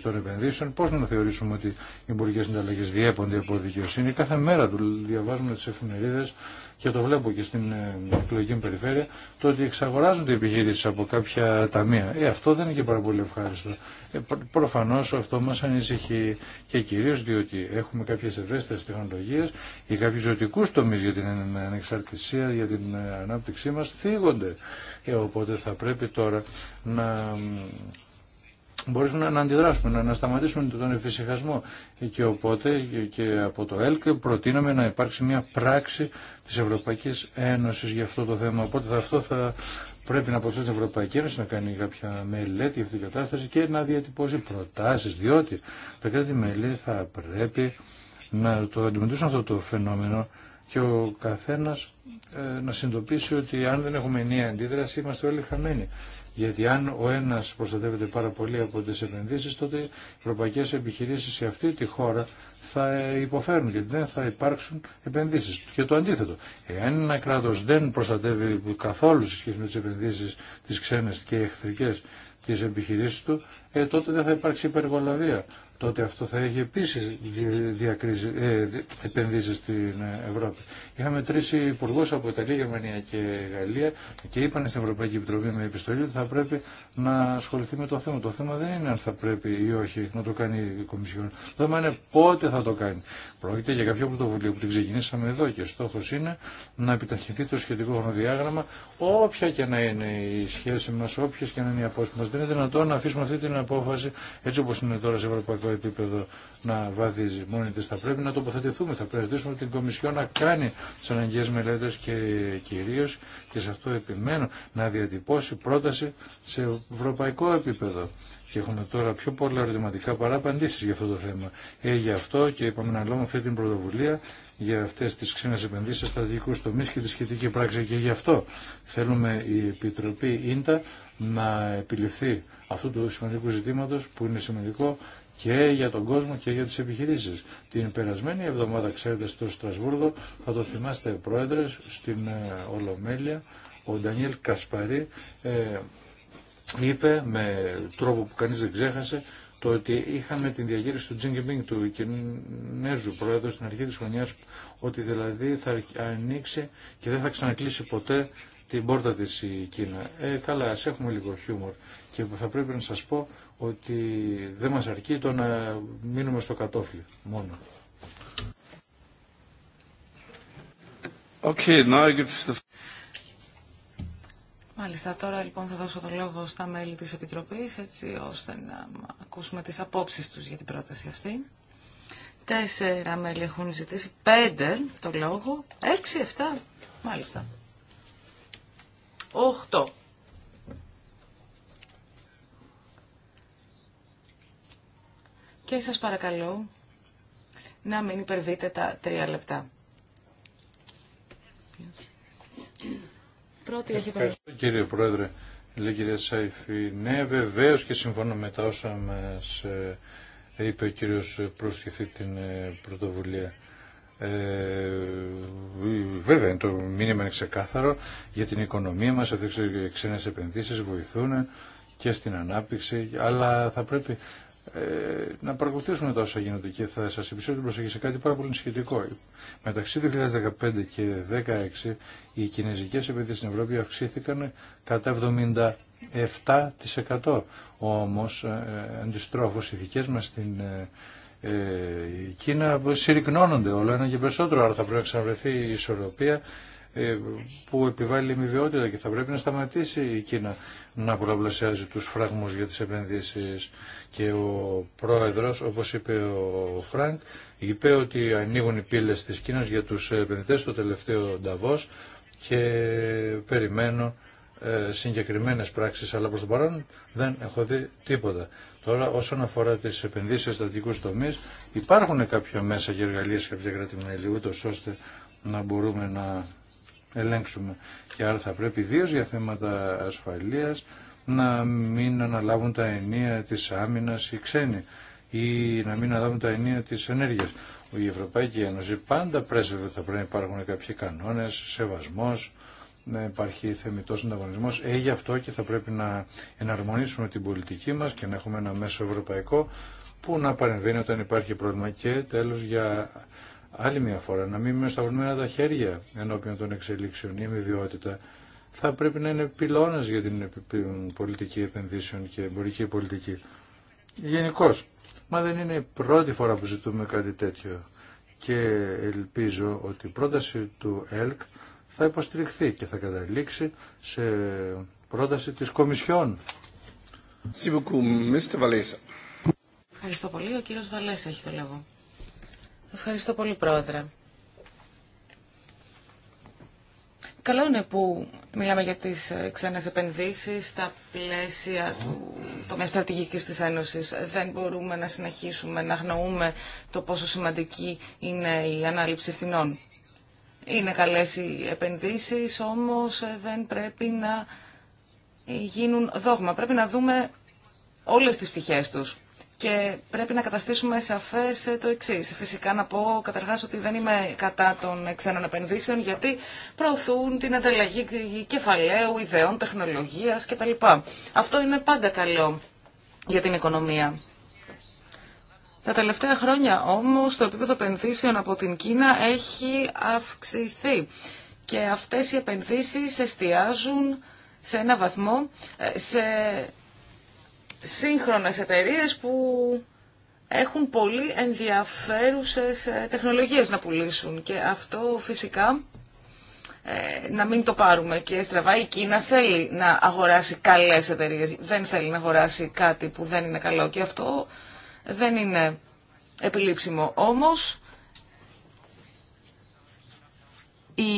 των επενδύσεων, πώ να θεωρήσουμε ότι οι εμπορικέ συνταλλαγέ διέπονται από δικαιοσύνη. Κάθε μέρα του διαβάζουμε τι εφημερίδε και το βλέπω και στην ε, εκλογική περιφέρεια, το ότι εξαγοράζονται οι επιχειρήσει από κάποια ταμεία. Ε, αυτό δεν είναι και πάρα πολύ ευχάριστο. Ε, Προφανώ αυτό μα ανησυχεί και κυρίω διότι έχουμε κάποιε ευαίσθητε τεχνολογίε ή κάποιου ζωτικού τομεί για την ανεξαρτησία, για την ε, ανάπτυξή μα θίγονται. Ε, οπότε θα πρέπει τώρα να μπορούμε να αντιδράσουμε, να σταματήσουμε τον εφησυχασμό. Και οπότε και από το ΕΛΚ προτείναμε να υπάρξει μια πράξη της Ευρωπαϊκής Ένωσης για αυτό το θέμα. Οπότε αυτό θα πρέπει να προσθέσει η Ευρωπαϊκή Ένωση να κάνει κάποια μελέτη για αυτή την κατάσταση και να διατυπώσει προτάσεις, διότι τα κράτη-μέλη θα πρέπει να το αντιμετωπίσουν αυτό το φαινόμενο και ο καθένας ε, να συνειδητοποιήσει ότι αν δεν έχουμε ενία αντίδραση είμαστε όλοι χαμένοι. Γιατί αν ο ένας προστατεύεται πάρα πολύ από τις επενδύσεις, τότε οι ευρωπαϊκέ επιχειρήσεις σε αυτή τη χώρα θα υποφέρουν γιατί δεν θα υπάρξουν επενδύσεις. Και το αντίθετο, εάν ένα κράτο δεν προστατεύει καθόλου σε με τι επενδύσει, τι ξένε και εχθρικέ τι επιχειρήσει του, ε, τότε δεν θα υπάρξει υπεργολαβία τότε αυτό θα έχει επίσης διακρίσει, ε, επενδύσεις στην Ευρώπη. Είχαμε τρεις υπουργού από Ιταλία, Γερμανία και Γαλλία και είπαν στην Ευρωπαϊκή Επιτροπή με επιστολή ότι θα πρέπει να ασχοληθεί με το θέμα. Το θέμα δεν είναι αν θα πρέπει ή όχι να το κάνει η Κομισιόν. Το θέμα είναι πότε θα το κάνει. Πρόκειται για κάποιο πρωτοβουλίο που την ξεκινήσαμε εδώ και στόχο είναι να επιταχυνθεί το σχετικό χρονοδιάγραμμα, όποια και να είναι η σχέση μα, όποιε και να είναι οι απόψει μα. Δεν είναι δυνατόν να αφήσουμε αυτή την απόφαση έτσι όπω είναι τώρα σε Ευρωπαϊκή ευρωπαϊκό επίπεδο να βαδίζει μόνη τη. Θα πρέπει να τοποθετηθούμε, θα πρέπει να ζητήσουμε την Κομισιό να κάνει τι αναγκαίε μελέτε και κυρίω, και σε αυτό επιμένω, να διατυπώσει πρόταση σε ευρωπαϊκό επίπεδο. Και έχουμε τώρα πιο πολλά ερωτηματικά παρά απαντήσει για αυτό το θέμα. Ε, γι' αυτό και είπαμε να λάβουμε αυτή την πρωτοβουλία για αυτέ τι ξένε επενδύσει στα δικού τομεί και τη σχετική πράξη. Και γι' αυτό θέλουμε η Επιτροπή ΙΝΤΑ να επιληφθεί αυτού του σημαντικού ζητήματο που είναι σημαντικό και για τον κόσμο και για τις επιχειρήσεις. Την περασμένη εβδομάδα, ξέρετε, στο Στρασβούργο, θα το θυμάστε πρόεδρες, στην ε, Ολομέλεια, ο Ντανιέλ Κασπαρή ε, είπε με τρόπο που κανείς δεν ξέχασε το ότι είχαμε την διαγύριση του Τζιγκιμπίνγκ, του Κινέζου Πρόεδρου στην αρχή της χρονιάς ότι δηλαδή θα ανοίξει και δεν θα ξανακλείσει ποτέ την πόρτα της η Κίνα. Ε, καλά, ας έχουμε λίγο χιούμορ και θα πρέπει να σας πω ότι δεν μας αρκεί το να μείνουμε στο κατόφλι μόνο. Okay, now Μάλιστα, τώρα λοιπόν θα δώσω το λόγο στα μέλη της Επιτροπής, έτσι ώστε να ακούσουμε τις απόψεις τους για την πρόταση αυτή. Τέσσερα μέλη έχουν ζητήσει, πέντε το λόγο, έξι, εφτά, μάλιστα. Οχτώ. και σας παρακαλώ να μην υπερβείτε τα τρία λεπτά. Πρώτη Ευχαριστώ κύριε Πρόεδρε. Λέει κυρία Σάιφη, ναι βεβαίως και συμφωνώ με τα όσα μας ε, είπε ο κύριος προστιθή την ε, πρωτοβουλία. Ε, βέβαια το μήνυμα είναι ξεκάθαρο για την οικονομία μας, αυτές οι ξένες επενδύσεις βοηθούν και στην ανάπτυξη, αλλά θα πρέπει ε, να παρακολουθήσουμε τα όσα γίνονται και θα σας επιστρέψω την προσοχή σε κάτι πάρα πολύ σχετικό. Μεταξύ 2015 και 2016 οι κινέζικες επενδύσεις στην Ευρώπη αυξήθηκαν κατά 77%. Όμως ε, ε, αντιστρόφως οι δικές μας στην ε, η Κίνα συρρυκνώνονται όλο ένα και περισσότερο, άρα θα πρέπει να ξαναβρεθεί η ισορροπία ε, που επιβάλλει η μηβιότητα και θα πρέπει να σταματήσει η Κίνα να πολλαπλασιάζει τους φραγμούς για τις επενδύσεις. Και ο πρόεδρος, όπως είπε ο Φρανκ, είπε ότι ανοίγουν οι πύλες της Κίνας για τους επενδυτές στο τελευταίο Νταβός και περιμένω ε, συγκεκριμένες πράξεις, αλλά προς το παρόν δεν έχω δει τίποτα. Τώρα, όσον αφορά τι επενδύσει στατικού τομεί, υπάρχουν κάποια μέσα και εργαλεία σε κάποια κράτη-μέλη, ώστε να μπορούμε να ελέγξουμε. Και άρα θα πρέπει ιδίω για θέματα ασφαλείας να μην αναλάβουν τα ενία της άμυνας οι ξένοι ή να μην αναλάβουν τα ενία της ενέργειας. Η Ευρωπαϊκή Ένωση πάντα πρέσβευε ότι θα πρέπει να υπάρχουν κάποιοι κανόνες, σεβασμός, να υπάρχει θεμητός ανταγωνισμό. Ε, γι' αυτό και θα πρέπει να εναρμονίσουμε την πολιτική μας και να έχουμε ένα μέσο ευρωπαϊκό που να παρεμβαίνει όταν υπάρχει πρόβλημα. Και τέλος για άλλη μια φορά να μην με σταυρωμένα τα χέρια ενώπιον των εξελίξεων. Η αμοιβιότητα θα πρέπει να είναι πυλώνα για την πολιτική επενδύσεων και εμπορική πολιτική. Γενικώ. Μα δεν είναι η πρώτη φορά που ζητούμε κάτι τέτοιο. Και ελπίζω ότι η πρόταση του ΕΛΚ θα υποστηριχθεί και θα καταλήξει σε πρόταση της Κομισιόν. Ευχαριστώ πολύ. Ο κύριος έχει το λόγο. Ευχαριστώ πολύ, Πρόεδρε. Καλό είναι που μιλάμε για τις ε, ξένες επενδύσεις στα πλαίσια του τομέα στρατηγικής της Ένωσης. Δεν μπορούμε να συνεχίσουμε να γνωρούμε το πόσο σημαντική είναι η ανάληψη ευθυνών. Είναι καλές οι επενδύσεις, όμως ε, δεν πρέπει να γίνουν δόγμα. Πρέπει να δούμε όλες τις πτυχές τους και πρέπει να καταστήσουμε σαφές ε, το εξή. Φυσικά να πω καταρχά ότι δεν είμαι κατά των ξένων επενδύσεων γιατί προωθούν την ανταλλαγή κεφαλαίου, ιδεών, τεχνολογία κτλ. Αυτό είναι πάντα καλό για την οικονομία. Τα τελευταία χρόνια όμως το επίπεδο επενδύσεων από την Κίνα έχει αυξηθεί και αυτές οι επενδύσεις εστιάζουν σε ένα βαθμό ε, σε σύγχρονες εταιρείες που έχουν πολύ ενδιαφέρουσες ε, τεχνολογίες να πουλήσουν και αυτό φυσικά ε, να μην το πάρουμε και στραβά η Κίνα θέλει να αγοράσει καλές εταιρείες, δεν θέλει να αγοράσει κάτι που δεν είναι καλό και αυτό δεν είναι επιλήψιμο. Όμως η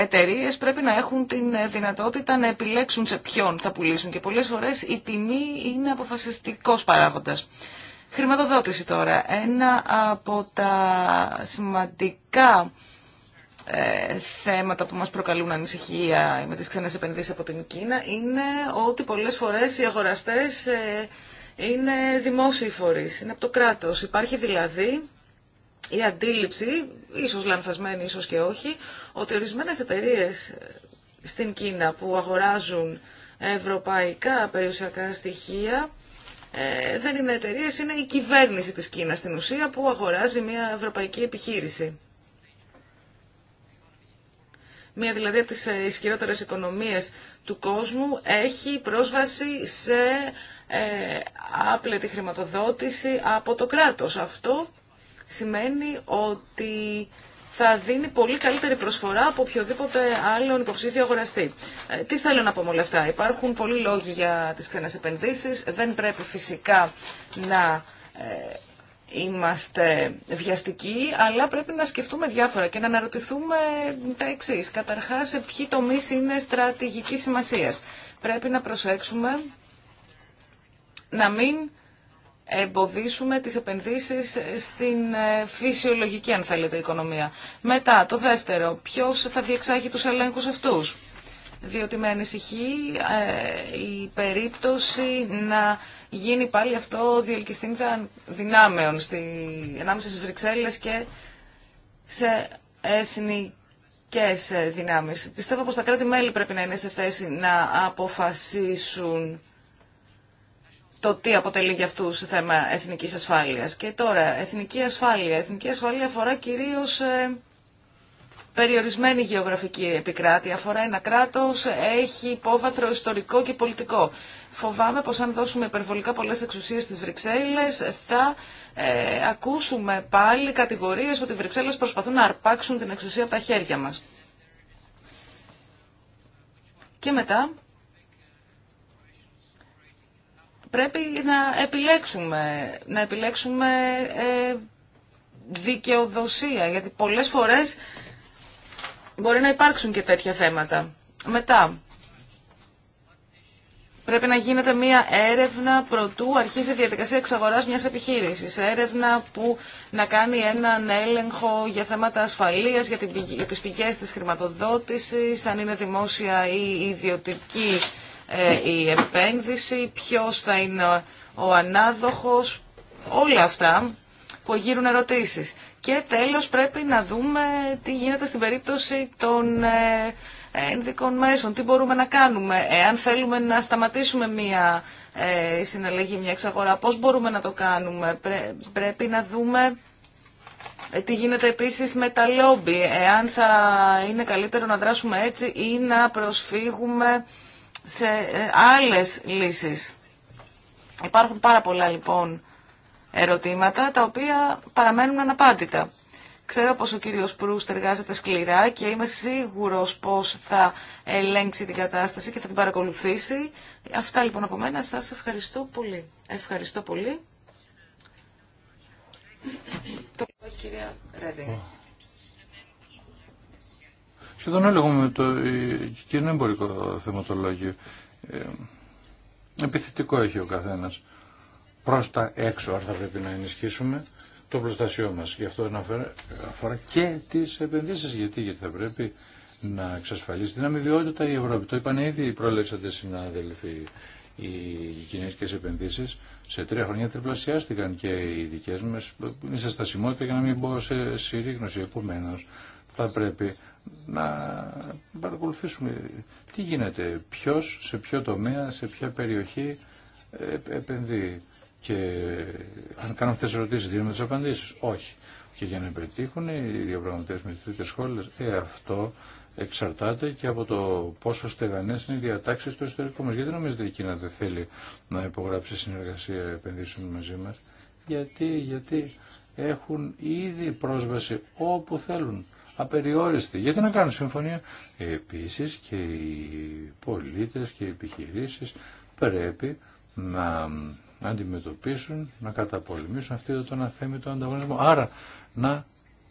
εταιρείε πρέπει να έχουν την δυνατότητα να επιλέξουν σε ποιον θα πουλήσουν και πολλές φορές η τιμή είναι αποφασιστικός παράγοντας. Χρηματοδότηση τώρα. Ένα από τα σημαντικά ε, θέματα που μας προκαλούν ανησυχία με τις ξένες επενδύσεις από την Κίνα είναι ότι πολλές φορές οι αγοραστές ε, είναι δημόσιοι φορείς, είναι από το κράτος. Υπάρχει δηλαδή η αντίληψη, ίσως λανθασμένη, ίσως και όχι, ότι ορισμένες εταιρείε ε, στην Κίνα που αγοράζουν ευρωπαϊκά περιουσιακά στοιχεία ε, δεν είναι εταιρείε, είναι η κυβέρνηση της Κίνας στην ουσία που αγοράζει μια ευρωπαϊκή επιχείρηση. Μία δηλαδή από τις ε, ισχυρότερες οικονομίες του κόσμου έχει πρόσβαση σε ε, άπλετη χρηματοδότηση από το κράτος. Αυτό σημαίνει ότι θα δίνει πολύ καλύτερη προσφορά από οποιοδήποτε άλλον υποψήφιο αγοραστή. Ε, τι θέλω να πω με όλα αυτά. Υπάρχουν πολλοί λόγοι για τις ξένες επενδύσεις. Δεν πρέπει φυσικά να ε, είμαστε βιαστικοί, αλλά πρέπει να σκεφτούμε διάφορα και να αναρωτηθούμε τα εξή. Καταρχάς, σε ποιοι τομεί είναι στρατηγική σημασία. Πρέπει να προσέξουμε να μην εμποδίσουμε τις επενδύσεις στην ε, φυσιολογική, αν θέλετε, οικονομία. Μετά, το δεύτερο, ποιος θα διεξάγει τους ελέγχους αυτούς. Διότι με ανησυχεί ε, η περίπτωση να γίνει πάλι αυτό διελκυστήντα δυνάμεων στη, ανάμεσα στις Βρυξέλλες και σε έθνη και σε δυνάμεις. Πιστεύω πως τα κράτη-μέλη πρέπει να είναι σε θέση να αποφασίσουν το τι αποτελεί για αυτούς θέμα εθνικής ασφάλειας. Και τώρα, εθνική ασφάλεια. Εθνική ασφάλεια αφορά κυρίως ε, περιορισμένη γεωγραφική επικράτεια. Αφορά ένα κράτος, έχει υπόβαθρο ιστορικό και πολιτικό. Φοβάμαι πως αν δώσουμε υπερβολικά πολλές εξουσίες στις Βρυξέλλες θα ε, ακούσουμε πάλι κατηγορίες ότι οι Βρυξέλλες προσπαθούν να αρπάξουν την εξουσία από τα χέρια μας. Και μετά πρέπει να επιλέξουμε, να επιλέξουμε ε, δικαιοδοσία, γιατί πολλές φορές μπορεί να υπάρξουν και τέτοια θέματα. Μετά, πρέπει να γίνεται μία έρευνα προτού αρχίσει η διαδικασία εξαγοράς μιας επιχείρησης. Έρευνα που να κάνει έναν έλεγχο για θέματα ασφαλείας, για τις πηγές της χρηματοδότησης, αν είναι δημόσια ή ιδιωτική ε, η επένδυση, ποιος θα είναι ο ανάδοχος, όλα αυτά που γύρουν ερωτήσεις. Και τέλος πρέπει να δούμε τι γίνεται στην περίπτωση των ενδικών μέσων, τι μπορούμε να κάνουμε, εάν θέλουμε να σταματήσουμε μία ε, συναλλαγή, μία εξαγορά, πώς μπορούμε να το κάνουμε, πρέπει να δούμε ε, τι γίνεται επίσης με τα λόμπι, εάν θα είναι καλύτερο να δράσουμε έτσι ή να προσφύγουμε σε ε, άλλες λύσεις. Υπάρχουν πάρα πολλά λοιπόν ερωτήματα τα οποία παραμένουν αναπάντητα. Ξέρω πως ο κύριος Προύστ εργάζεται σκληρά και είμαι σίγουρος πως θα ελέγξει την κατάσταση και θα την παρακολουθήσει. Αυτά λοιπόν από μένα. Σας ευχαριστώ πολύ. Ευχαριστώ πολύ. Το σχεδόν έλεγα με το κοινό εμπορικό θεματολόγιο. Ε, επιθετικό έχει ο καθένα. Προ τα έξω, αν θα πρέπει να ενισχύσουμε το προστασιό μα. Γι' αυτό αφορά και τι επενδύσει, Γιατί, γιατί θα πρέπει να εξασφαλίσει την αμοιβαιότητα η Ευρώπη. Το είπαν ήδη οι προλέξατε συνάδελφοι. Οι κινέζικε επενδύσει σε τρία χρόνια τριπλασιάστηκαν και οι δικέ μα. Είναι σε στασιμότητα για να μην μπω σε συρρήγνωση. Επομένω, θα πρέπει να παρακολουθήσουμε τι γίνεται, ποιος, σε ποιο τομέα, σε ποια περιοχή επενδύει. Και αν κάνουν αυτές τις ερωτήσεις, δίνουμε τις απαντήσεις. Όχι. Και για να πετύχουν οι διαπραγματεύσεις με τις τρίτες σχόλες ε, αυτό εξαρτάται και από το πόσο στεγανές είναι οι διατάξεις του ιστορικού μα. Γιατί νομίζετε η Κίνα δεν θέλει να υπογράψει συνεργασία επενδύσεων μαζί μα. Γιατί, γιατί έχουν ήδη πρόσβαση όπου θέλουν απεριόριστη. Γιατί να κάνουν συμφωνία. Επίσης και οι πολίτες και οι επιχειρήσεις πρέπει να αντιμετωπίσουν, να καταπολεμήσουν αυτή τον αθέμητο ανταγωνισμό. Άρα να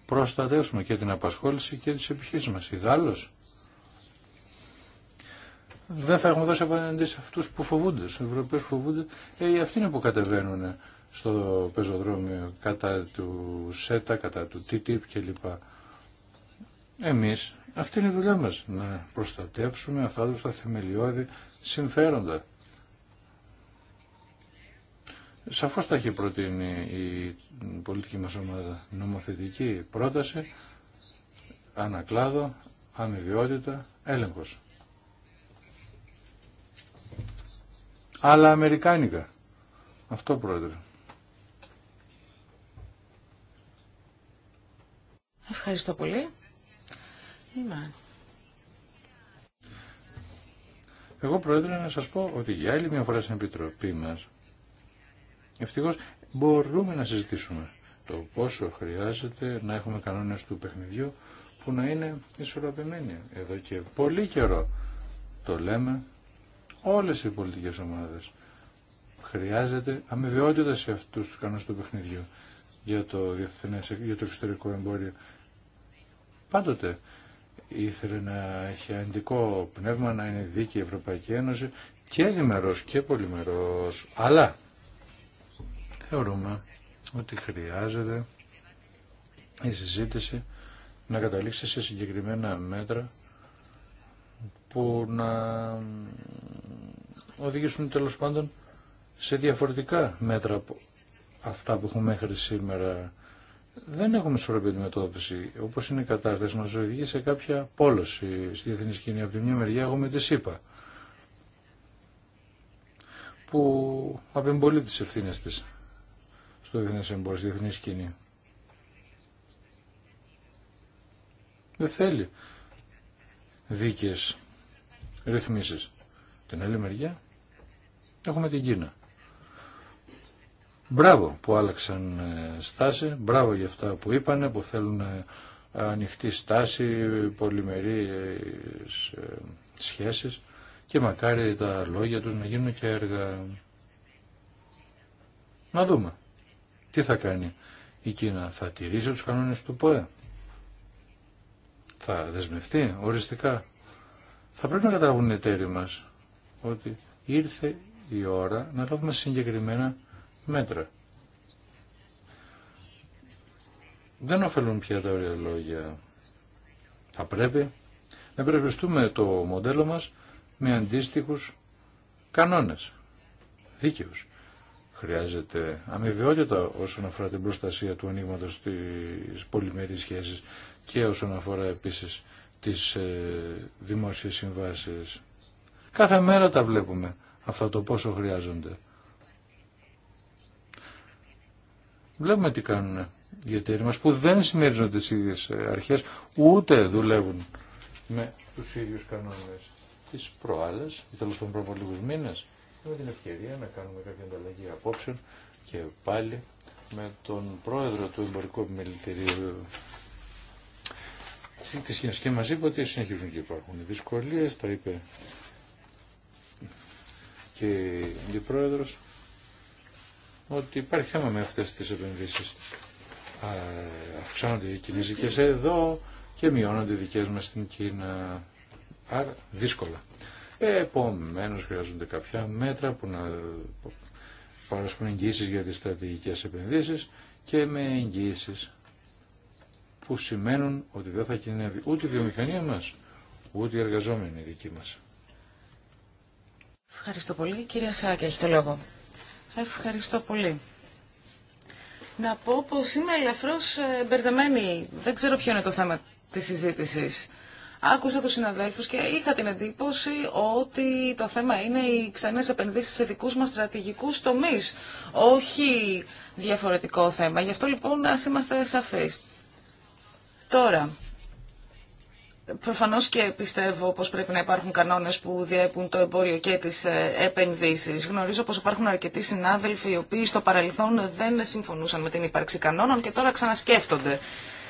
προστατεύσουμε και την απασχόληση και τις επιχείρησεις μας. Ιδάλλως, δεν θα έχουμε δώσει απέναντι σε αυτούς που φοβούνται, στους Ευρωπαίους που φοβούνται. Ε, αυτοί είναι που κατεβαίνουν στο πεζοδρόμιο κατά του ΣΕΤΑ, κατά του ΤΤΙΠ κλπ. Εμείς, αυτή είναι η δουλειά μας, να προστατεύσουμε αυτά τους τα θεμελιώδη συμφέροντα. Σαφώς τα έχει προτείνει η πολιτική μας ομάδα νομοθετική πρόταση, ανακλάδο, αμοιβιότητα, έλεγχος. Αλλά αμερικάνικα. Αυτό πρόεδρε. Ευχαριστώ πολύ. Εγώ πρόεδρε να σας πω ότι για άλλη μια φορά στην Επιτροπή μας ευτυχώς μπορούμε να συζητήσουμε το πόσο χρειάζεται να έχουμε κανόνες του παιχνιδιού που να είναι ισορροπημένοι. Εδώ και πολύ καιρό το λέμε όλες οι πολιτικές ομάδες. Χρειάζεται αμοιβαιότητα σε αυτούς τους κανόνες του παιχνιδιού για το, για το εξωτερικό εμπόριο. Πάντοτε ήθελε να έχει αντικό πνεύμα, να είναι δίκαιη η Ευρωπαϊκή Ένωση και διμερός και πολυμερός. Αλλά θεωρούμε ότι χρειάζεται η συζήτηση να καταλήξει σε συγκεκριμένα μέτρα που να οδηγήσουν τέλος πάντων σε διαφορετικά μέτρα από αυτά που έχουμε μέχρι σήμερα δεν έχουμε ισορροπή αντιμετώπιση. Όπω είναι η κατάσταση, μα οδηγεί σε κάποια πόλωση στη διεθνή σκηνή. Από τη μια μεριά έχουμε τη ΣΥΠΑ, που απεμπολεί τι ευθύνε τη στο διεθνέ εμπόριο, στη διεθνή σκηνή. Δεν θέλει δίκαιε ρυθμίσει. Την άλλη μεριά έχουμε την Κίνα Μπράβο που άλλαξαν ε, στάση, μπράβο για αυτά που είπανε, που θέλουν ε, ανοιχτή στάση, πολυμερείς ε, σχέσεις και μακάρι τα λόγια τους να γίνουν και έργα. Να δούμε. Τι θα κάνει η Κίνα, θα τηρήσει τους κανόνες του ΠΟΕ. Θα δεσμευτεί οριστικά. Θα πρέπει να καταλάβουν οι εταίροι μας ότι ήρθε η ώρα να λάβουμε συγκεκριμένα μέτρα. Δεν ωφελούν πια τα ωραία λόγια. Θα πρέπει να περιοριστούμε το μοντέλο μας με αντίστοιχους κανόνες, δίκαιους. Χρειάζεται αμοιβαιότητα όσον αφορά την προστασία του ανοίγματο της πολυμερής σχέσης και όσον αφορά επίσης τις ε, δημόσιες συμβάσεις. Κάθε μέρα τα βλέπουμε αυτά το πόσο χρειάζονται. Βλέπουμε τι κάνουν οι εταίροι μας που δεν συμμερίζονται τις ίδιες ε, αρχές, ούτε δουλεύουν με τους ίδιους κανόνες. Τις προάλλες, ή τέλος των πρώτων λίγους μήνες, με την ευκαιρία να κάνουμε κάποια ανταλλαγή απόψεων και πάλι με τον πρόεδρο του εμπορικού επιμελητηρίου της κοινωνικής και μας είπε ότι συνεχίζουν και υπάρχουν δυσκολίες, τα είπε και η πρόεδρος ότι υπάρχει θέμα με αυτές τις επενδύσεις. Αυξάνονται οι κινέζικες εδώ και μειώνονται οι δικές μας στην Κίνα. Άρα δύσκολα. Επομένω, χρειάζονται κάποια μέτρα που να παρασχούν εγγύησεις για τις στρατηγικές επενδύσεις και με εγγύησει που σημαίνουν ότι δεν θα κινδυνεύει ούτε η βιομηχανία μας, ούτε οι εργαζόμενοι δικοί μας. Ευχαριστώ πολύ. Κύριε Σάκη, έχει το λόγο. Ευχαριστώ πολύ. Να πω πως είμαι ελαφρώς ε, μπερδεμένη. Δεν ξέρω ποιο είναι το θέμα της συζήτησης. Άκουσα τους συναδέλφους και είχα την εντύπωση ότι το θέμα είναι οι ξανές επενδύσεις σε δικούς μας στρατηγικούς τομείς, όχι διαφορετικό θέμα. Γι' αυτό λοιπόν ας είμαστε σαφείς. Τώρα, Προφανώς και πιστεύω πως πρέπει να υπάρχουν κανόνες που διέπουν το εμπόριο και τις ε, επενδύσεις. Γνωρίζω πως υπάρχουν αρκετοί συνάδελφοι οι οποίοι στο παρελθόν δεν συμφωνούσαν με την ύπαρξη κανόνων και τώρα ξανασκέφτονται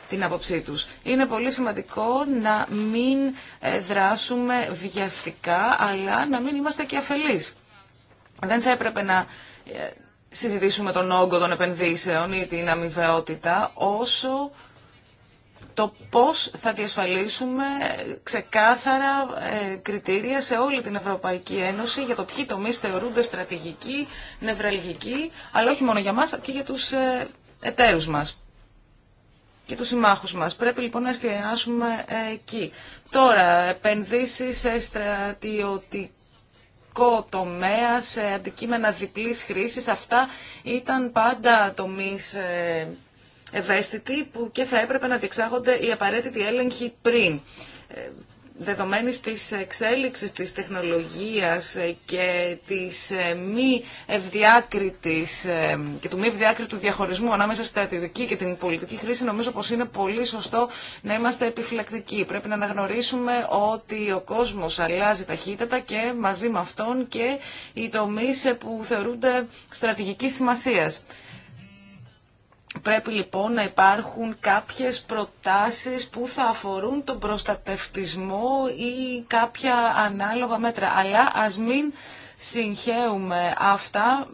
την άποψή τους. Είναι πολύ σημαντικό να μην ε, δράσουμε βιαστικά αλλά να μην είμαστε και αφελείς. Δεν θα έπρεπε να ε, συζητήσουμε τον όγκο των επενδύσεων ή την αμοιβαιότητα όσο το πώς θα διασφαλίσουμε ξεκάθαρα ε, κριτήρια σε όλη την Ευρωπαϊκή Ένωση για το ποιοι τομείς θεωρούνται στρατηγικοί, νευραλγικοί, αλλά όχι μόνο για μας και για τους ε, εταίρους μας και τους συμμάχους μας. Πρέπει λοιπόν να εστιάσουμε ε, εκεί. Τώρα, επενδύσεις σε στρατιωτικό τομέα, σε αντικείμενα διπλής χρήσης. Αυτά ήταν πάντα τομείς ευαίσθητοι που και θα έπρεπε να διεξάγονται οι απαραίτητοι έλεγχοι πριν. Ε, δεδομένης της εξέλιξη της τεχνολογίας ε, και, της ε, μη ευδιάκριτης, και του μη ευδιάκριτου διαχωρισμού ανάμεσα στη στρατιωτική και την πολιτική χρήση νομίζω πω είναι πολύ σωστό να είμαστε επιφυλακτικοί. Πρέπει να αναγνωρίσουμε ότι ο κόσμο αλλάζει ταχύτατα και μαζί με αυτόν και οι τομεί που θεωρούνται στρατηγική σημασία. Πρέπει λοιπόν να υπάρχουν κάποιες προτάσεις που θα αφορούν τον προστατευτισμό ή κάποια ανάλογα μέτρα. Αλλά ας μην συγχέουμε αυτά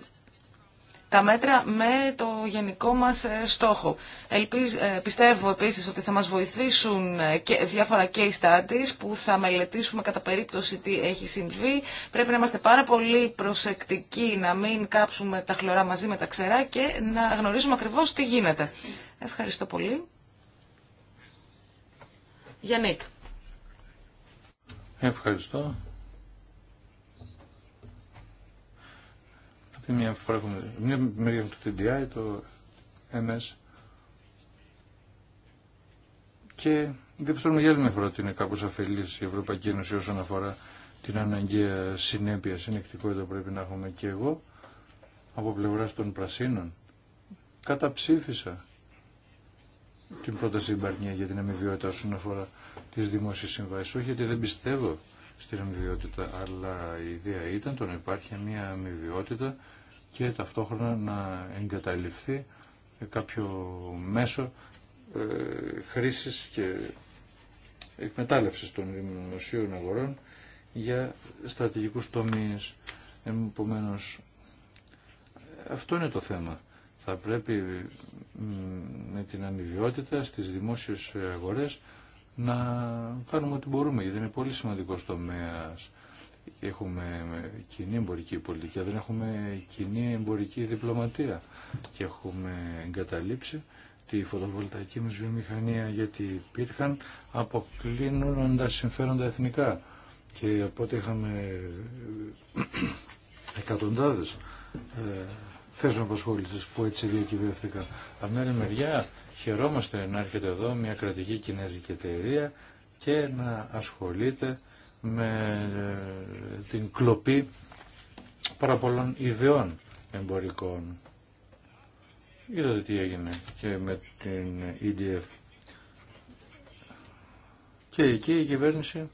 τα μέτρα με το γενικό μας ε, στόχο. Ελπίζω, ε, πιστεύω επίσης ότι θα μας βοηθήσουν ε, και διάφορα case studies που θα μελετήσουμε κατά περίπτωση τι έχει συμβεί. Πρέπει να είμαστε πάρα πολύ προσεκτικοί να μην κάψουμε τα χλωρά μαζί με τα ξερά και να γνωρίζουμε ακριβώς τι γίνεται. Ευχαριστώ πολύ. Γιάννικ. Ευχαριστώ. μία φορά έχουμε, μία μεριά με το TDI, το MS και διαπιστώνουμε για άλλη μια φορά ότι είναι κάπως αφελής η Ευρωπαϊκή Ένωση όσον αφορά την αναγκαία συνέπεια, συνεκτικότητα πρέπει να έχουμε και εγώ από πλευρά των πρασίνων. Καταψήφισα την πρόταση Μπαρνιέ για την αμοιβιότητα όσον αφορά τις δημόσιες συμβάσεις. Όχι γιατί δεν πιστεύω στην αμοιβιότητα, αλλά η ιδέα ήταν το να υπάρχει μια αμοιβιότητα και ταυτόχρονα να εγκαταλειφθεί κάποιο μέσο ε, χρήσης και εκμετάλλευσης των δημοσίων αγορών για στρατηγικούς τομείς. Επομένω, αυτό είναι το θέμα. Θα πρέπει με την αμοιβιότητα στις δημόσιες αγορές να κάνουμε ό,τι μπορούμε, γιατί είναι πολύ σημαντικός τομέας Έχουμε κοινή εμπορική πολιτική, δεν έχουμε κοινή εμπορική διπλωματία και έχουμε εγκαταλείψει τη φωτοβολταϊκή μας βιομηχανία γιατί υπήρχαν αποκλίνοντα συμφέροντα εθνικά και οπότε είχαμε ε, εκατοντάδες ε, θέσεων απασχόλησης που έτσι διακυβεύθηκαν. Από την άλλη μεριά χαιρόμαστε να έρχεται εδώ μια κρατική κινέζικη εταιρεία και να ασχολείται με ε, την κλοπή πολλών ιδεών εμπορικών. Είδατε τι έγινε και με την EDF. Και εκεί η κυβέρνηση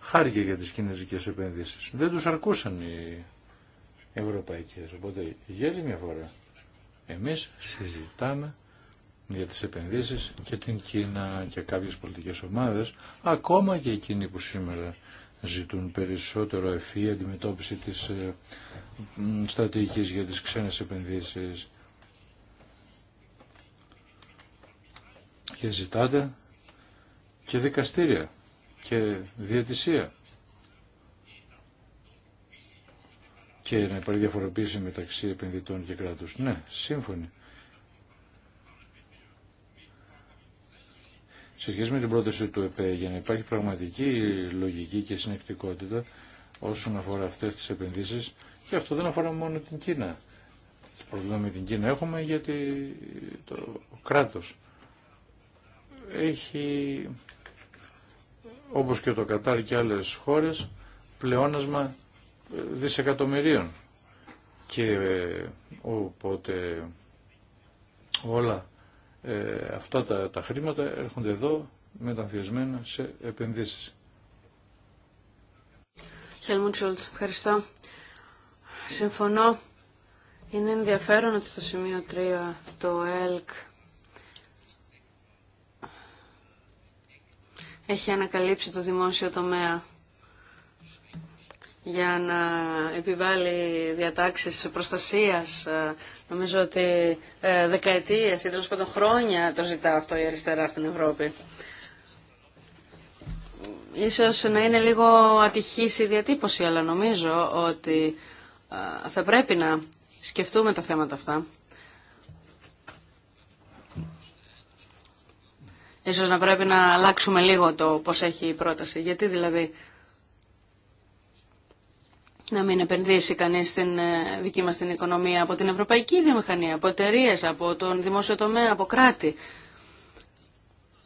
χάρηκε για τις κινέζικες επενδύσεις. Δεν τους αρκούσαν οι ευρωπαϊκές. Οπότε για άλλη μια φορά εμείς συζητάμε για τις επενδύσεις και την Κίνα και κάποιες πολιτικές ομάδες, ακόμα και εκείνοι που σήμερα ζητούν περισσότερο ευφύ αντιμετώπιση της ε, στρατηγικής για τις ξένες επενδύσεις και ζητάτε και δικαστήρια και διατησία και να υπάρχει διαφοροποίηση μεταξύ επενδυτών και κράτους. Ναι, σύμφωνοι. σε σχέση με την πρόταση του ΕΠΕ για να υπάρχει πραγματική λογική και συνεκτικότητα όσον αφορά αυτές τις επενδύσεις και αυτό δεν αφορά μόνο την Κίνα. Το Πρόβλημα με την Κίνα έχουμε γιατί το κράτος έχει όπως και το Κατάρ και άλλες χώρες πλεόνασμα ε, δισεκατομμυρίων και ε, οπότε όλα ε, αυτά τα, τα χρήματα έρχονται εδώ μεταμφιεσμένα σε επενδύσεις. Χέλμουν Σόλτς, ευχαριστώ. Συμφωνώ. Είναι ενδιαφέρον ότι στο σημείο 3 το ΕΛΚ έχει ανακαλύψει το δημόσιο τομέα για να επιβάλλει διατάξεις προστασίας. Ε, νομίζω ότι ε, δεκαετίες ή τέλος πάντων χρόνια το ζητά αυτό η αριστερά στην Ευρώπη. Ίσως να είναι λίγο ατυχής η διατύπωση, αλλά νομίζω ότι ε, θα πρέπει να σκεφτούμε τα θέματα αυτά. Ίσως να πρέπει να αλλάξουμε λίγο το πώς έχει η πρόταση. Γιατί δηλαδή να μην επενδύσει κανεί στην ε, δική μα την οικονομία από την ευρωπαϊκή βιομηχανία, από εταιρείε, από τον δημόσιο τομέα, από κράτη.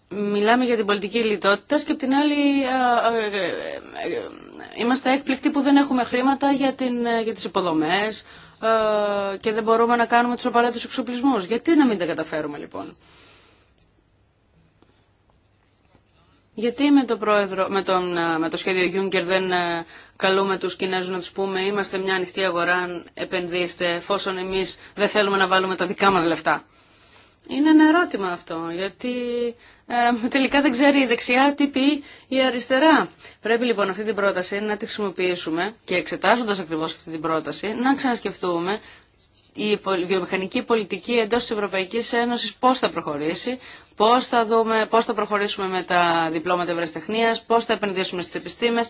Μιλάμε για την πολιτική λιτότητα και απ' την άλλη ε, ε, είμαστε έκπληκτοι που δεν έχουμε χρήματα για, την, για τις υποδομές και δεν μπορούμε να κάνουμε τους απαραίτητους εξοπλισμούς. Γιατί να μην τα καταφέρουμε λοιπόν. Γιατί με, το πρόεδρο, με, τον, ε, με το σχέδιο Juncker δεν ε, καλούμε τους Κινέζους να τους πούμε είμαστε μια ανοιχτή αγορά, επενδύστε, εφόσον εμείς δεν θέλουμε να βάλουμε τα δικά μας λεφτά. Είναι ένα ερώτημα αυτό, γιατί ε, τελικά δεν ξέρει η δεξιά τι πει η αριστερά. Πρέπει λοιπόν αυτή την πρόταση να τη χρησιμοποιήσουμε και εξετάζοντας ακριβώς αυτή την πρόταση να ξανασκεφτούμε η βιομηχανική πολιτική εντός της Ευρωπαϊκής Ένωσης πώς θα προχωρήσει, πώς θα, δούμε, πώς θα προχωρήσουμε με τα διπλώματα ευρεσιτεχνίας, πώς θα επενδύσουμε στις επιστήμες,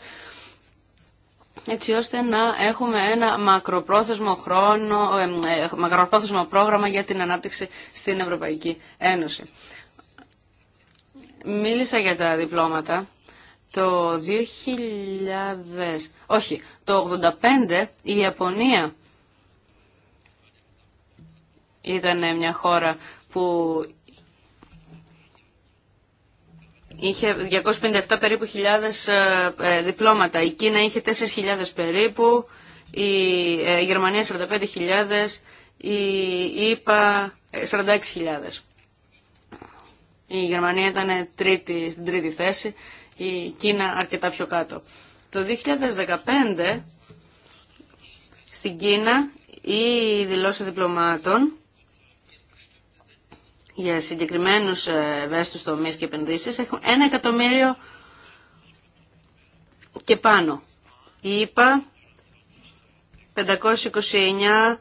έτσι ώστε να έχουμε ένα μακροπρόθεσμο, χρόνο, ε, μακροπρόθεσμο πρόγραμμα για την ανάπτυξη στην Ευρωπαϊκή Ένωση. Μίλησα για τα διπλώματα. Το 2000, όχι, το 85 η Ιαπωνία ήταν μια χώρα που είχε 257 περίπου χιλιάδες ε, ε, διπλώματα. Η Κίνα είχε 4.000 περίπου, η ε, Γερμανία 45.000, η ΙΠΑ 46.000. Η Γερμανία ήταν τρίτη, στην τρίτη θέση, η Κίνα αρκετά πιο κάτω. Το 2015 στην Κίνα ή δηλώσεις διπλωμάτων για συγκεκριμένους ε, ευαίσθητους τομείς και επενδύσεις έχουν ένα εκατομμύριο και πάνω. Η ΕΠΑ 529, 623.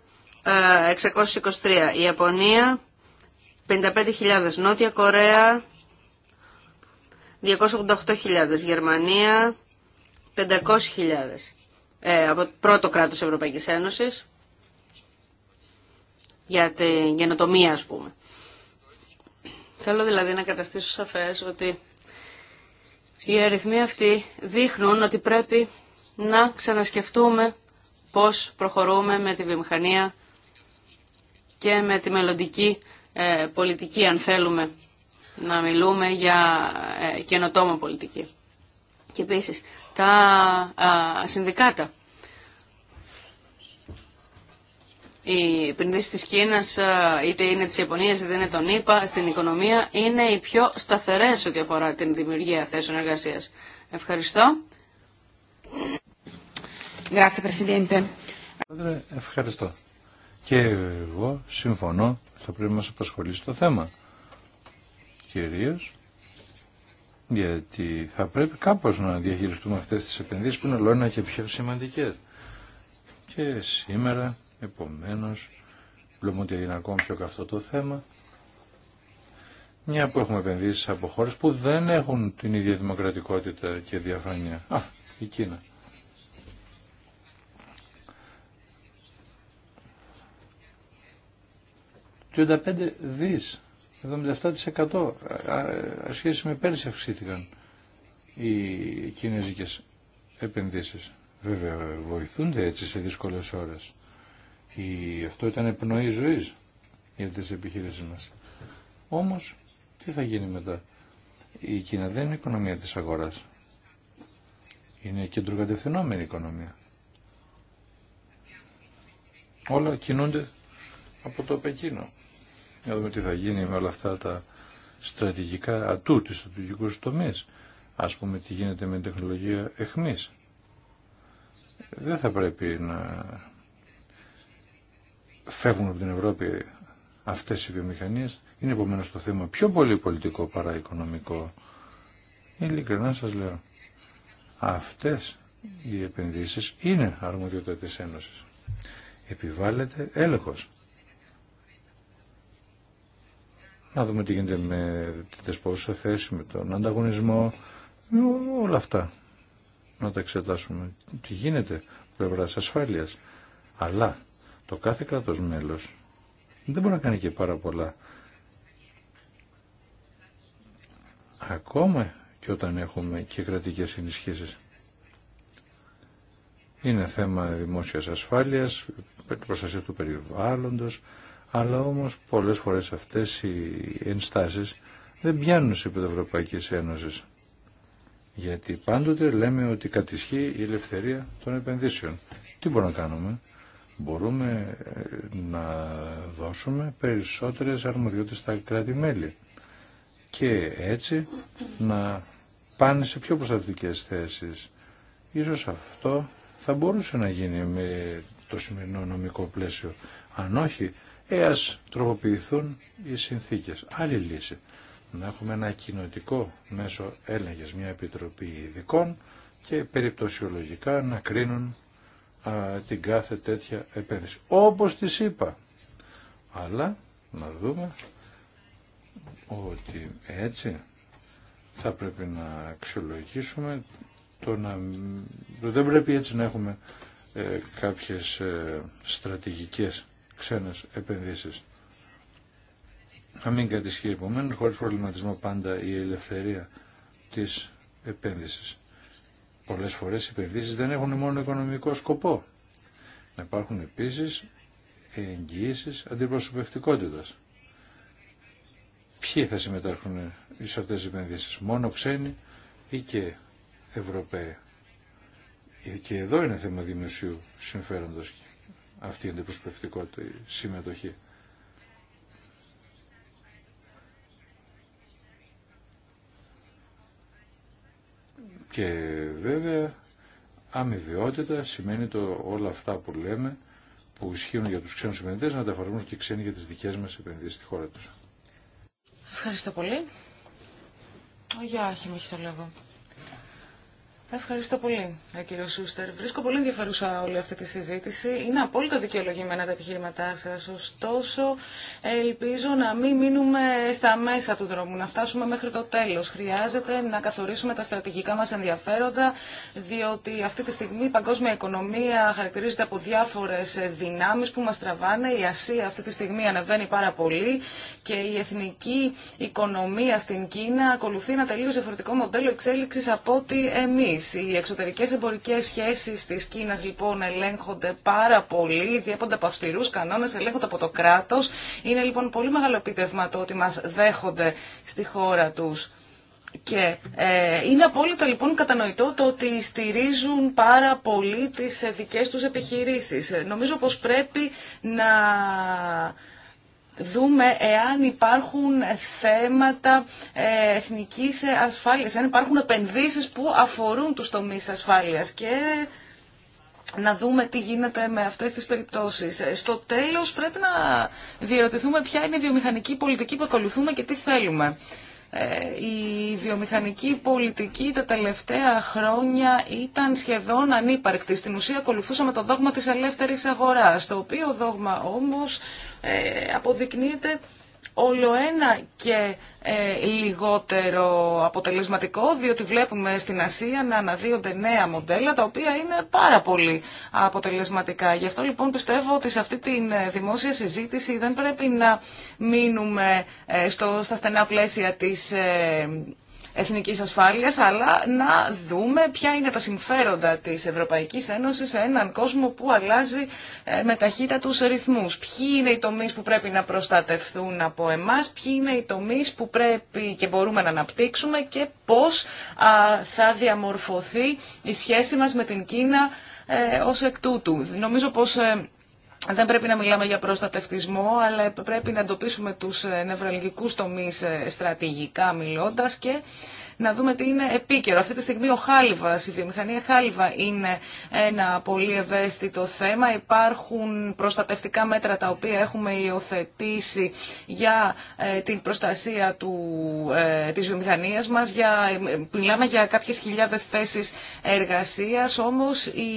Ε, Η Ιαπωνία 55.000. Νότια Κορέα 288.000. Γερμανία 500.000. Ε, από πρώτο κράτος Ευρωπαϊκής Ένωσης για την γενοτομία ας πούμε. Θέλω δηλαδή να καταστήσω σαφές ότι οι αριθμοί αυτοί δείχνουν ότι πρέπει να ξανασκεφτούμε πώς προχωρούμε με τη βιομηχανία και με τη μελλοντική ε, πολιτική, αν θέλουμε να μιλούμε για ε, καινοτόμα πολιτική. Και επίσης, τα συνδικάτα οι επενδύσει της Κίνας, ε, είτε είναι της Ιαπωνίας, είτε είναι των ΗΠΑ, στην οικονομία, είναι οι πιο σταθερές ό,τι αφορά την δημιουργία θέσεων εργασίας. Ευχαριστώ. Ευχαριστώ. Και εγώ συμφωνώ, θα πρέπει να μας απασχολήσει το θέμα. Κυρίως γιατί θα πρέπει κάπως να διαχειριστούμε αυτές τις επενδύσεις που είναι λόγια και πιο σημαντικές. Και σήμερα Επομένως, βλέπουμε ότι είναι ακόμη πιο καυτό το θέμα. Μια που έχουμε επενδύσει από χώρες που δεν έχουν την ίδια δημοκρατικότητα και διαφάνεια. Α, η Κίνα. «35 δις, 77% ασχέσεις με πέρσι αυξήθηκαν οι κινέζικες επενδύσεις. Βέβαια βοηθούνται έτσι σε δύσκολες ώρες. Η, αυτό ήταν επνοή ζωή για τι επιχείρησεις μα. Όμως, τι θα γίνει μετά. Η Κίνα δεν είναι οικονομία τη αγορά. Είναι κεντροκατευθυνόμενη οικονομία. Όλα κινούνται από το Πεκίνο. Να δούμε τι θα γίνει με όλα αυτά τα στρατηγικά ατού, τις στρατηγικούς τομείς. Ας πούμε τι γίνεται με την τεχνολογία εχμής. Δεν θα πρέπει να φεύγουν από την Ευρώπη αυτές οι βιομηχανίες είναι επομένω το θέμα πιο πολύ πολιτικό παρά οικονομικό. Ειλικρινά σας λέω, αυτές οι επενδύσεις είναι αρμοδιότητα τη Ένωσης. Επιβάλλεται έλεγχος. Να δούμε τι γίνεται με τις δεσπόζουσα θέση, με τον ανταγωνισμό, όλα αυτά. Να τα εξετάσουμε. Τι γίνεται πλευρά ασφάλειας. Αλλά το κάθε κράτος μέλος δεν μπορεί να κάνει και πάρα πολλά. Ακόμα και όταν έχουμε και κρατικές ενισχύσεις. Είναι θέμα δημόσιας ασφάλειας, προστασία του περιβάλλοντος, αλλά όμως πολλές φορές αυτές οι ενστάσεις δεν πιάνουν σε επίπεδο Ευρωπαϊκή Ένωσης. Γιατί πάντοτε λέμε ότι κατησχεί η ελευθερία των επενδύσεων. Τι μπορούμε να κάνουμε μπορούμε ε, να δώσουμε περισσότερες αρμοδιότητες στα κράτη-μέλη και έτσι να πάνε σε πιο προστατευτικές θέσεις. Ίσως αυτό θα μπορούσε να γίνει με το σημερινό νομικό πλαίσιο. Αν όχι, έας τροποποιηθούν οι συνθήκες. Άλλη λύση. Να έχουμε ένα κοινοτικό μέσο έλεγχες, μια επιτροπή ειδικών και περιπτωσιολογικά να κρίνουν α, την κάθε τέτοια επένδυση. Όπως της είπα. Αλλά να δούμε ότι έτσι θα πρέπει να αξιολογήσουμε το να... Δεν πρέπει έτσι να έχουμε ε, κάποιες ε, στρατηγικές ξένες επενδύσεις. Να μην κατησχύει επομένως χωρίς προβληματισμό πάντα η ελευθερία της επένδυσης. Πολλές φορές οι επενδύσεις δεν έχουν μόνο οικονομικό σκοπό. Να υπάρχουν επίσης εγγυήσεις αντιπροσωπευτικότητας. Ποιοι θα συμμετάρχουν σε αυτές τις επενδύσεις, μόνο ξένοι ή και Ευρωπαίοι. Και εδώ είναι θέμα δημοσίου συμφέροντος αυτή η αντιπροσωπευτικότητα, η συμμετοχή. Και βέβαια αμοιβαιότητα σημαίνει το όλα αυτά που λέμε που ισχύουν για τους ξένους επενδυτές να τα εφαρμόσουν και ξένοι για τις δικές μας επενδύσεις στη χώρα τους. Ευχαριστώ πολύ. Ο Γιάρχη μου Ευχαριστώ πολύ, ε, κύριο Σούστερ. Βρίσκω πολύ ενδιαφέρουσα όλη αυτή τη συζήτηση. Είναι απόλυτα δικαιολογημένα τα επιχείρηματά σα. Ωστόσο, ελπίζω να μην μείνουμε στα μέσα του δρόμου, να φτάσουμε μέχρι το τέλο. Χρειάζεται να καθορίσουμε τα στρατηγικά μα ενδιαφέροντα, διότι αυτή τη στιγμή η παγκόσμια οικονομία χαρακτηρίζεται από διάφορε δυνάμει που μα τραβάνε. Η Ασία αυτή τη στιγμή ανεβαίνει πάρα πολύ και η εθνική οικονομία στην Κίνα ακολουθεί ένα τελείω διαφορετικό μοντέλο εξέλιξη από ότι εμεί. Οι εξωτερικές εμπορικές σχέσεις της Κίνας λοιπόν ελέγχονται πάρα πολύ, διέπονται από αυστηρού κανόνες, ελέγχονται από το κράτος. Είναι λοιπόν πολύ μεγάλο επίτευγμα το ότι μας δέχονται στη χώρα τους. Και ε, είναι απόλυτα λοιπόν κατανοητό το ότι στηρίζουν πάρα πολύ τις ε, δικές τους επιχειρήσεις. Ε, νομίζω πως πρέπει να δούμε εάν υπάρχουν θέματα ε, εθνικής ε, ασφάλειας, εάν υπάρχουν επενδύσεις που αφορούν τους τομείς ασφάλειας και να δούμε τι γίνεται με αυτές τις περιπτώσεις. Ε, στο τέλος πρέπει να διερωτηθούμε ποια είναι η βιομηχανική πολιτική που ακολουθούμε και τι θέλουμε. Η βιομηχανική πολιτική τα τελευταία χρόνια ήταν σχεδόν ανύπαρκτη. Στην ουσία ακολουθούσαμε το δόγμα της ελεύθερης αγοράς, το οποίο δόγμα όμως ε, αποδεικνύεται όλο ένα και ε, λιγότερο αποτελεσματικό, διότι βλέπουμε στην Ασία να αναδύονται νέα μοντέλα, τα οποία είναι πάρα πολύ αποτελεσματικά. Γι' αυτό λοιπόν πιστεύω ότι σε αυτή τη ε, δημόσια συζήτηση δεν πρέπει να μείνουμε στο, στα στενά πλαίσια της εθνικής ασφάλειας, αλλά να δούμε ποια είναι τα συμφέροντα τη Ευρωπαϊκή Ένωση σε έναν κόσμο που αλλάζει ε, με ταχύτητα τους ρυθμούς. Ποιοι είναι οι τομεί που πρέπει να προστατευτούν από εμάς, ποιοι είναι οι τομεί που πρέπει και μπορούμε να αναπτύξουμε και πώς θα διαμορφωθεί η σχέση μας με την Κίνα ε, ως εκ τούτου. Νομίζω ε, δεν πρέπει να μιλάμε για προστατευτισμό, αλλά πρέπει να εντοπίσουμε τους ε, νευραλγικούς τομείς ε, στρατηγικά μιλώντας και να δούμε τι είναι επίκαιρο. Αυτή τη στιγμή ο χάλιβα, η βιομηχανία χάλιβα είναι ένα πολύ ευαίσθητο θέμα. Υπάρχουν προστατευτικά μέτρα τα οποία έχουμε υιοθετήσει για ε, την προστασία του, ε, της βιομηχανίας μας. Για, ε, μιλάμε για κάποιες χιλιάδες θέσεις εργασίας, όμως η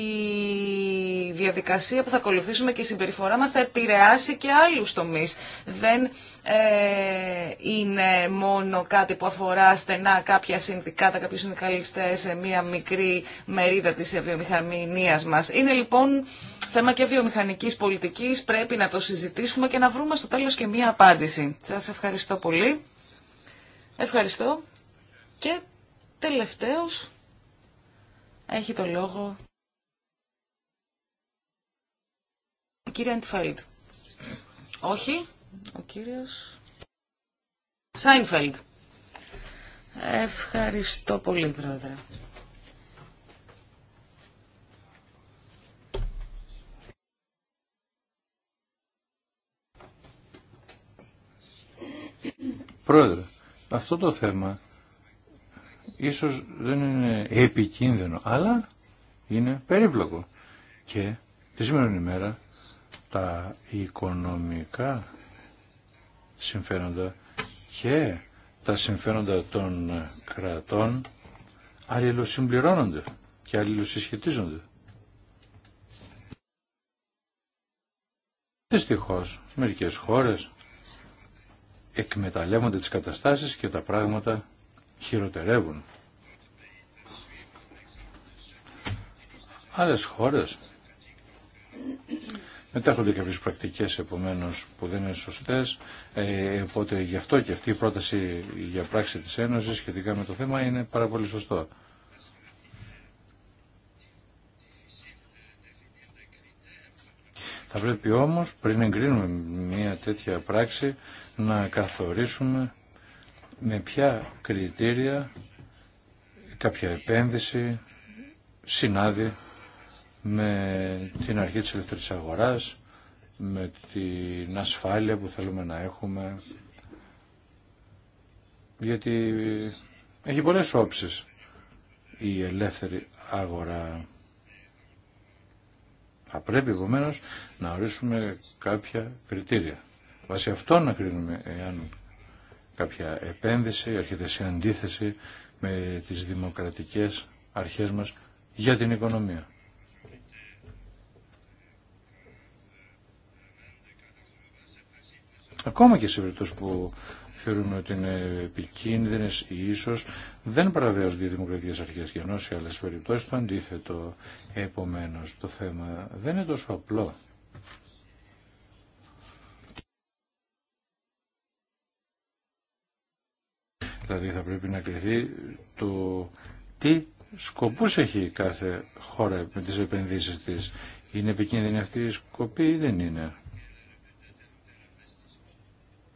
διαδικασία που θα ακολουθήσουμε και η συμπεριφορά μας θα επηρεάσει και άλλους τομείς. Δεν ε, είναι μόνο κάτι που αφορά στενά κάποια συνδικάτα, κάποιου συνδικαλιστέ σε μία μικρή μερίδα τη βιομηχανία μα. Είναι λοιπόν θέμα και βιομηχανική πολιτική. Πρέπει να το συζητήσουμε και να βρούμε στο τέλο και μία απάντηση. Σα ευχαριστώ πολύ. Ευχαριστώ. Και τελευταίο έχει το λόγο η κυρία Όχι. Ο κύριος Σάινφελντ. Ευχαριστώ πολύ, πρόεδρε. Πρόεδρε, αυτό το θέμα ίσως δεν είναι επικίνδυνο, αλλά είναι περίπλοκο. Και τη σήμερα ημέρα τα οικονομικά συμφέροντα και τα συμφέροντα των κρατών αλληλοσυμπληρώνονται και αλληλοσυσχετίζονται. Δυστυχώ, μερικές χώρες εκμεταλλεύονται τις καταστάσεις και τα πράγματα χειροτερεύουν. Άλλες χώρες έρχονται κάποιες πρακτικές επομένως που δεν είναι σωστές, ε, οπότε γι' αυτό και αυτή η πρόταση για πράξη της Ένωσης σχετικά με το θέμα είναι πάρα πολύ σωστό. Θα πρέπει όμως πριν εγκρίνουμε μια τέτοια πράξη να καθορίσουμε με ποια κριτήρια κάποια επένδυση συνάδει με την αρχή της ελεύθερης αγοράς, με την ασφάλεια που θέλουμε να έχουμε, γιατί έχει πολλές όψεις η ελεύθερη αγορά. Θα πρέπει επομένω να ορίσουμε κάποια κριτήρια. Βάσει αυτό να κρίνουμε εάν κάποια επένδυση έρχεται σε αντίθεση με τις δημοκρατικές αρχές μας για την οικονομία. Ακόμα και σε περιπτώσει που θεωρούμε ότι είναι επικίνδυνε ή ίσω δεν παραβιάζονται οι δημοκρατικέ αρχέ και ενώ σε άλλε περιπτώσει το αντίθετο. Επομένω, το θέμα δεν είναι τόσο απλό. Δηλαδή θα πρέπει να κρυθεί το τι σκοπούς έχει κάθε χώρα με τις επενδύσεις της. Είναι επικίνδυνη αυτή η σκοπή ή δεν είναι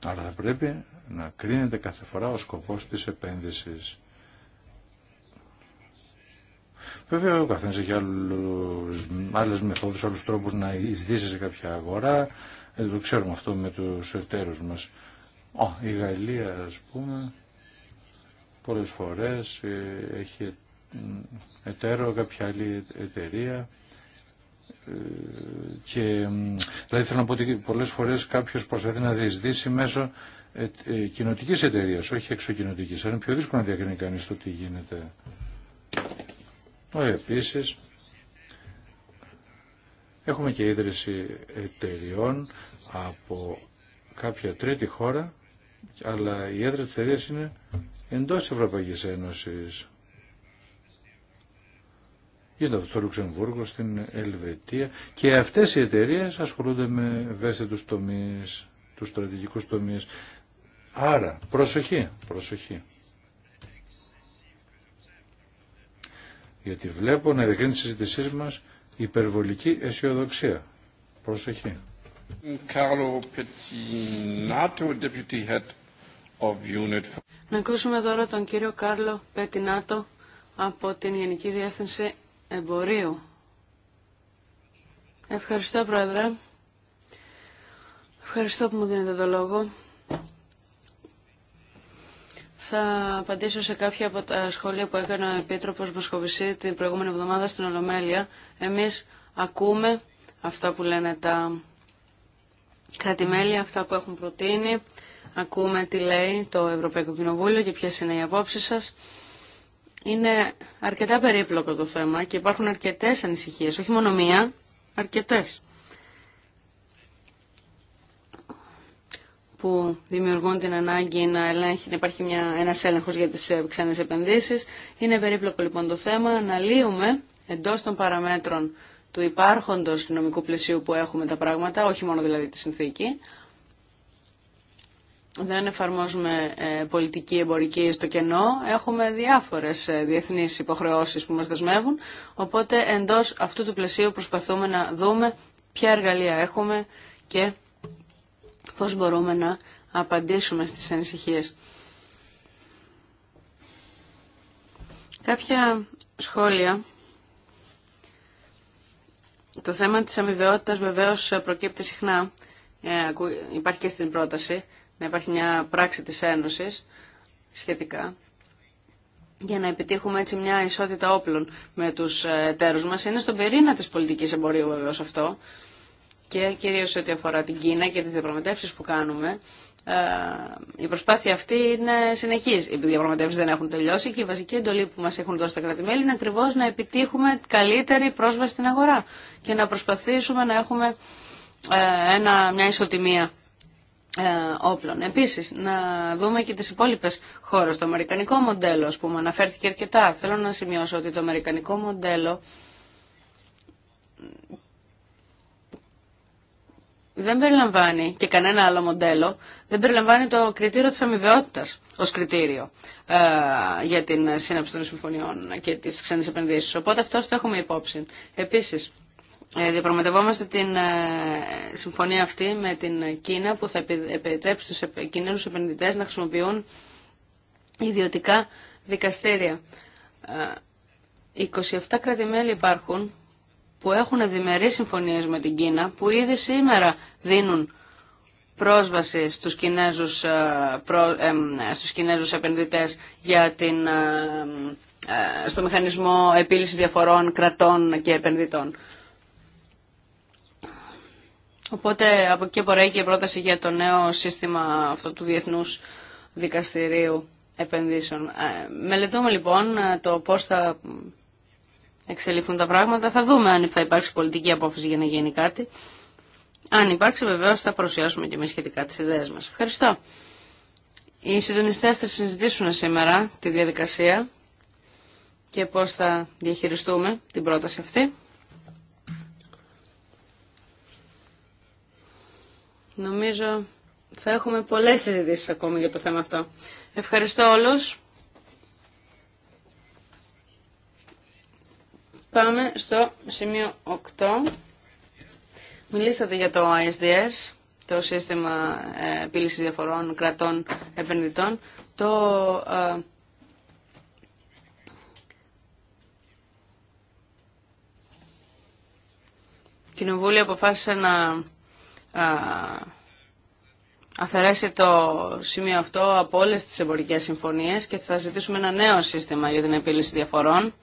αλλά θα πρέπει να κρίνεται κάθε φορά ο σκοπός της επένδυσης. Βέβαια ο καθένας έχει άλλους, άλλες μεθόδους, άλλους τρόπους να εισδύσει σε κάποια αγορά. Δεν το ξέρουμε αυτό με τους εταίρους μας. Ο, η Γαλλία ας πούμε πολλές φορές ε, έχει εταίρο κάποια άλλη εταιρεία και δηλαδή θέλω να πω ότι πολλές φορές κάποιος προσπαθεί να διεισδύσει μέσω ε, ε, κοινοτικής εταιρείας, όχι εξωκοινοτικής. Είναι πιο δύσκολο να διακρίνει κανείς το τι γίνεται. Επίση, επίσης, έχουμε και ίδρυση εταιριών από κάποια τρίτη χώρα, αλλά η έδρα της είναι εντός της Ευρωπαϊκής Ένωσης. Γίνεται αυτό στο Λουξεμβούργο, στην Ελβετία και αυτές οι εταιρείες ασχολούνται με ευαίσθητους τομείς, τους στρατηγικούς τομείς. Άρα, προσοχή, προσοχή. Γιατί βλέπω να δεκρίνει τη συζήτησή μας υπερβολική αισιοδοξία. Προσοχή. Deputy Head of Unit. Να ακούσουμε τώρα τον κύριο Κάρλο Πετινάτο από την Γενική Διεύθυνση Εμπορίου. Ευχαριστώ, Πρόεδρε. Ευχαριστώ που μου δίνετε το λόγο. Θα απαντήσω σε κάποια από τα σχόλια που έκανε ο Επίτροπος Μοσχοβησή την προηγούμενη εβδομάδα στην Ολομέλεια. Εμείς ακούμε αυτά που λένε τα κρατημέλη, αυτά που έχουν προτείνει. Ακούμε τι λέει το Ευρωπαϊκό Κοινοβούλιο και ποιες είναι οι απόψεις σας. Είναι αρκετά περίπλοκο το θέμα και υπάρχουν αρκετές ανησυχίες, όχι μόνο μία, αρκετές. που δημιουργούν την ανάγκη να, ελέγχει, να υπάρχει μια, ένας έλεγχος για τις ε, ξένες επενδύσεις. Είναι περίπλοκο λοιπόν το θέμα. Αναλύουμε εντός των παραμέτρων του υπάρχοντος νομικού πλαισίου που έχουμε τα πράγματα, όχι μόνο δηλαδή τη συνθήκη, δεν εφαρμόζουμε ε, πολιτική εμπορική στο κενό, έχουμε διάφορες ε, διεθνείς υποχρεώσεις που μας δεσμεύουν, οπότε εντός αυτού του πλαισίου προσπαθούμε να δούμε ποια εργαλεία έχουμε και πώς μπορούμε να απαντήσουμε στις ανησυχίες. Κάποια σχόλια. Το θέμα της αμοιβαιότητας βεβαίως ε, προκύπτει συχνά, υπάρχει και στην πρόταση να υπάρχει μια πράξη της Ένωσης σχετικά για να επιτύχουμε έτσι μια ισότητα όπλων με τους εταίρους μας. Είναι στον πυρήνα της πολιτικής εμπορίου βεβαίω αυτό και κυρίως ό,τι αφορά την Κίνα και τις διαπραγματεύσεις που κάνουμε. Ε, η προσπάθεια αυτή είναι συνεχής. Οι διαπραγματεύσει δεν έχουν τελειώσει και η βασική εντολή που μας έχουν δώσει τα μελη είναι ακριβώ να επιτύχουμε καλύτερη πρόσβαση στην αγορά και να προσπαθήσουμε να έχουμε ε, ένα, μια ισοτιμία ε, όπλων. Επίσης, να δούμε και τις υπόλοιπε χώρε Το αμερικανικό μοντέλο, που πούμε, αναφέρθηκε αρκετά. Θέλω να σημειώσω ότι το αμερικανικό μοντέλο δεν περιλαμβάνει και κανένα άλλο μοντέλο, δεν περιλαμβάνει το κριτήριο της αμοιβαιότητας ως κριτήριο ε, για την σύναψη των συμφωνιών και τις ξένες επενδύσεις. Οπότε αυτό το έχουμε υπόψη. Επίσης, ε, διαπραγματευόμαστε την ε, συμφωνία αυτή με την Κίνα που θα επιτρέψει στους Κινέζους επενδυτές να χρησιμοποιούν ιδιωτικά δικαστήρια. 27 ε, κρατημέλη υπάρχουν που έχουν διμερείς συμφωνίες με την Κίνα που ήδη σήμερα δίνουν πρόσβαση στους Κινέζους, στους Κινέζους επενδυτές για την, στο μηχανισμό επίλυσης διαφορών κρατών και επενδυτών. Οπότε από εκεί πορεύει και η πρόταση για το νέο σύστημα αυτό του Διεθνούς Δικαστηρίου Επενδύσεων. Ε, μελετούμε λοιπόν ε, το πώς θα εξελιχθούν τα πράγματα. Θα δούμε αν θα υπάρξει πολιτική απόφαση για να γίνει κάτι. Αν υπάρξει βεβαίω θα παρουσιάσουμε και εμεί σχετικά τι ιδέε μα. Ευχαριστώ. Οι συντονιστέ θα συζητήσουν σήμερα τη διαδικασία και πώ θα διαχειριστούμε την πρόταση αυτή. Νομίζω θα έχουμε πολλές συζητήσεις ακόμη για το θέμα αυτό. Ευχαριστώ όλους. Πάμε στο σημείο 8. Μιλήσατε για το ISDS, το σύστημα ε, επίλυσης διαφορών κρατών επενδυτών. Το ε, Κοινοβούλιο αποφάσισε να αφαιρέσει το σημείο αυτό από όλες τις εμπορικές συμφωνίες και θα ζητήσουμε ένα νέο σύστημα για την επίλυση διαφορών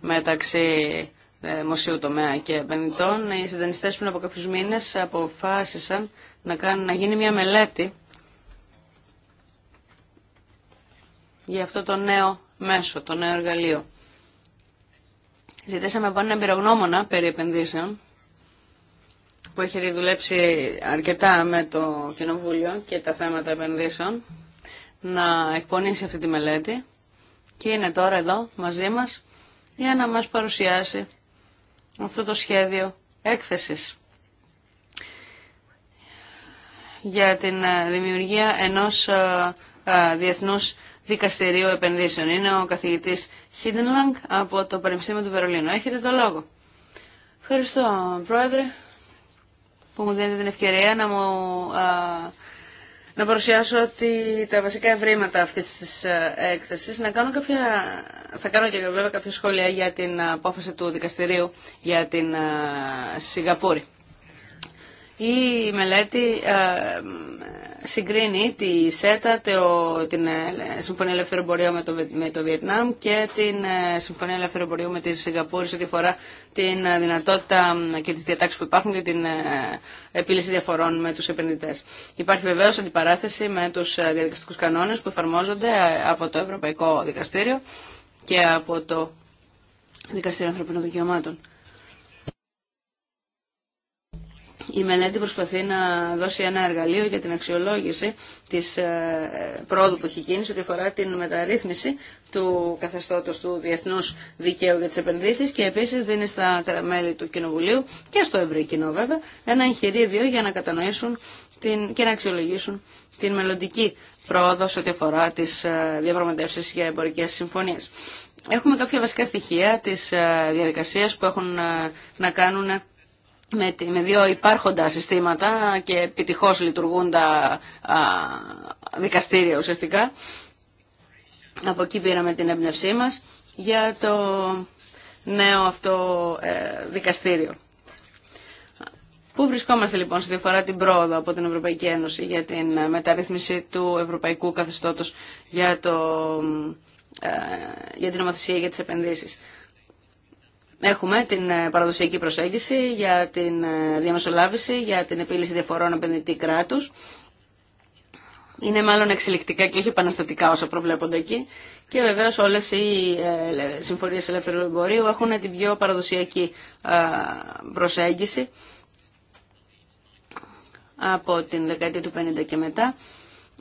μεταξύ δημοσίου τομέα και επενδυτών. Οι που πριν από κάποιους μήνες αποφάσισαν να, κάνουν, να γίνει μια μελέτη για αυτό το νέο μέσο, το νέο εργαλείο. Ζητήσαμε από έναν εμπειρογνώμονα περί επενδύσεων που έχει δουλέψει αρκετά με το Κοινοβούλιο και τα θέματα επενδύσεων να εκπονήσει αυτή τη μελέτη και είναι τώρα εδώ μαζί μας για να μας παρουσιάσει αυτό το σχέδιο έκθεσης για την ε, δημιουργία ενός ε, ε, διεθνούς δικαστηρίου επενδύσεων. Είναι ο καθηγητής Χίντενλανγκ από το Πανεπιστήμιο του Βερολίνου. Έχετε το λόγο. Ευχαριστώ, Πρόεδρε που μου δίνετε την ευκαιρία να μου να παρουσιάσω ότι τα βασικά ευρήματα αυτής της έκθεσης, να κάνω κάποια, θα κάνω και βέβαια κάποια σχόλια για την απόφαση του δικαστηρίου για την Σιγαπούρη. Η μελέτη συγκρίνει τη ΣΕΤΑ, το, την ε, Συμφωνία Ελεύθερου με το, με το Βιετνάμ και την ε, Συμφωνία Ελεύθερου Εμπορίου με τη Σιγκαπούρη σε ό,τι φορά την ε, δυνατότητα και τις διατάξεις που υπάρχουν για την επίλυση διαφορών με τους επενδυτές. Υπάρχει βεβαίως αντιπαράθεση με τους διαδικαστικούς κανόνες που εφαρμόζονται από το Ευρωπαϊκό Δικαστήριο και από το Δικαστήριο Ανθρωπίνων Δικαιωμάτων. η μελέτη προσπαθεί να δώσει ένα εργαλείο για την αξιολόγηση της ε, πρόοδου που έχει γίνει ό,τι αφορά την μεταρρύθμιση του καθεστώτος του Διεθνούς Δικαίου για τις Επενδύσεις και επίσης δίνει στα μέλη του Κοινοβουλίου και στο ευρύ κοινό βέβαια ένα εγχειρίδιο για να κατανοήσουν την, και να αξιολογήσουν την μελλοντική πρόοδο σε ό,τι αφορά τις ε, διαπραγματεύσεις για εμπορικές συμφωνίες. Έχουμε κάποια βασικά στοιχεία της ε, διαδικασίας που έχουν να κάνουν με, με δύο υπάρχοντα συστήματα και επιτυχώς λειτουργούν τα δικαστήρια ουσιαστικά. Από εκεί πήραμε την έμπνευσή μας για το νέο αυτό ε, δικαστήριο. Πού βρισκόμαστε λοιπόν σε διαφορά την πρόοδο από την Ευρωπαϊκή Ένωση για την ε, μεταρρύθμιση του ευρωπαϊκού καθεστώτος για, το, ε, για την νομοθεσία για τις επενδύσεις. Έχουμε την ε, παραδοσιακή προσέγγιση για την ε, διαμεσολάβηση, για την επίλυση διαφορών επενδυτή κράτους. Είναι μάλλον εξελικτικά και όχι επαναστατικά όσα προβλέπονται εκεί. Και βεβαίως όλες οι ε, συμφορίες ελεύθερου εμπορίου έχουν την πιο παραδοσιακή προσέγγιση από την δεκαετία του 50 και μετά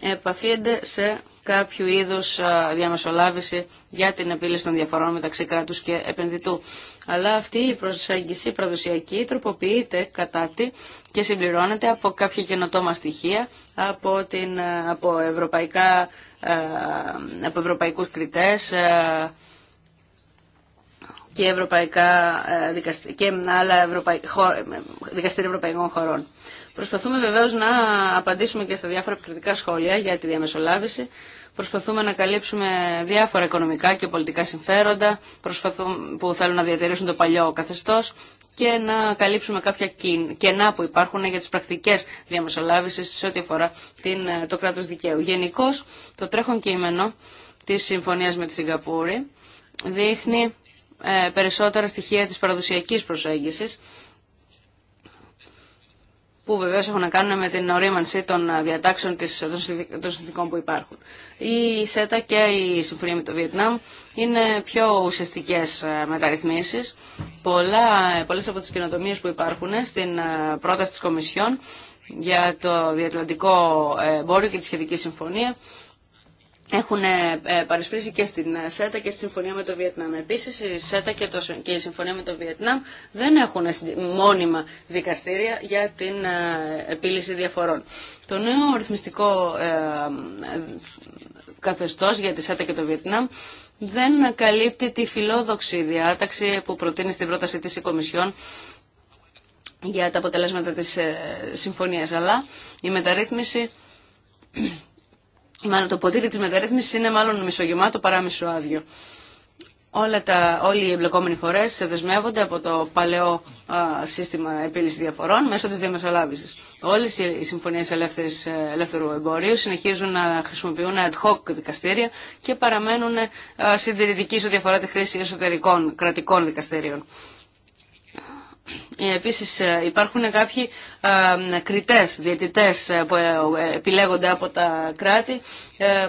επαφίεται σε κάποιο είδους διαμεσολάβηση για την επίλυση των διαφορών μεταξύ κράτους και επενδυτού. Αλλά αυτή η προσέγγιση παραδοσιακή τροποποιείται κατά τη και συμπληρώνεται από κάποια καινοτόμα στοιχεία, από, την, από, ευρωπαϊκά, από ευρωπαϊκούς κριτές, και, ευρωπαϊκά, ε, και άλλα ευρωπαϊ... Ε, δικαστήρια ευρωπαϊκών χωρών. Προσπαθούμε βεβαίω να απαντήσουμε και στα διάφορα επικριτικά σχόλια για τη διαμεσολάβηση. Προσπαθούμε να καλύψουμε διάφορα οικονομικά και πολιτικά συμφέροντα που θέλουν να διατηρήσουν το παλιό καθεστώς και να καλύψουμε κάποια κενά που υπάρχουν για τι πρακτικέ διαμεσολάβηση σε ό,τι αφορά ε, το κράτο δικαίου. Γενικώ, το τρέχον κείμενο τη Συμφωνία με τη Σιγκαπούρη δείχνει ε, περισσότερα στοιχεία της παραδοσιακής προσέγγισης που βεβαίως έχουν να κάνουν με την ορίμανση των ε, διατάξεων της, των συνθηκών που υπάρχουν. Η ΣΕΤΑ και η Συμφωνία με το Βιετνάμ είναι πιο ουσιαστικές ε, μεταρρυθμίσεις. Πολλά, ε, πολλές από τις καινοτομίε που υπάρχουν στην πρόταση της Κομισιόν για το Διατλαντικό Εμπόριο και τη Σχετική Συμφωνία έχουν ε, ε, παρισπρίσει και στην ΣΕΤΑ και στη συμφωνία με το Βιετνάμ. Επίσης η ΣΕΤΑ και, η συμφωνία με το Βιετνάμ δεν έχουν μόνιμα δικαστήρια για την ε, επίλυση διαφορών. Το νέο ρυθμιστικό καθεστώς για τη ΣΕΤΑ και το Βιετνάμ δεν καλύπτει τη φιλόδοξη διάταξη που προτείνει στην πρόταση της η Κομισιόν για τα αποτελέσματα της συμφωνία. Αλλά η μεταρρύθμιση μάλλον το ποτήρι της μεταρρύθμισης είναι μάλλον μισογεμάτο παρά μισοάδιο. Όλα τα, όλοι οι εμπλεκόμενοι φορές δεσμεύονται από το παλαιό σύστημα επίλυση διαφορών μέσω της διαμεσολάβηση. Όλες οι συμφωνίες ελεύθερης, ε, ελεύθερου εμπορίου συνεχίζουν να χρησιμοποιούν ad hoc δικαστήρια και παραμένουν ε, συντηρητικοί σε διαφορά τη χρήση εσωτερικών κρατικών δικαστήριων. Ε, επίσης ε, υπάρχουν κάποιοι ε, κριτές, διαιτητές που επιλέγονται από τα κράτη.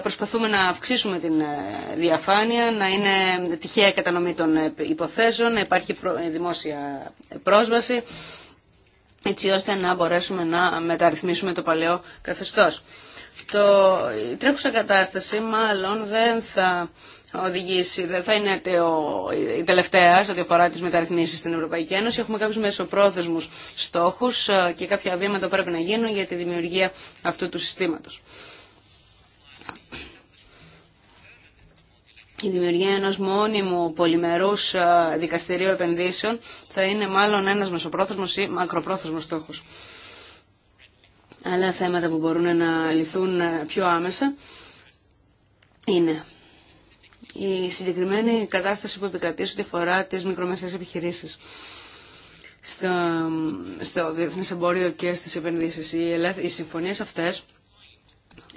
Προσπαθούμε να αυξήσουμε την διαφάνεια, να είναι τυχαία κατανομή των υποθέσεων, να υπάρχει δημόσια πρόσβαση, έτσι ώστε να μπορέσουμε να μεταρρυθμίσουμε το παλαιό καθεστώς. Το, η τρέχουσα κατάσταση μάλλον δεν θα οδηγήσει, δεν θα είναι η τελευταία σε ό,τι αφορά τι μεταρρυθμίσει στην Ευρωπαϊκή Ένωση. Έχουμε κάποιου μεσοπρόθεσμου στόχου ε, και κάποια βήματα πρέπει να γίνουν για τη δημιουργία αυτού του συστήματο. Η δημιουργία ενός μόνιμου πολυμερούς ε, δικαστηρίου επενδύσεων θα είναι μάλλον ένας μεσοπρόθεσμος ή μακροπρόθεσμος στόχος. Άλλα θέματα που μπορούν να λυθούν ε, πιο άμεσα είναι η συγκεκριμένη κατάσταση που επικρατήσει ότι φορά τι μικρομεσαίες επιχειρήσεις στο, στο διεθνές εμπόριο και στι επενδύσεις. Οι, οι συμφωνίες αυτές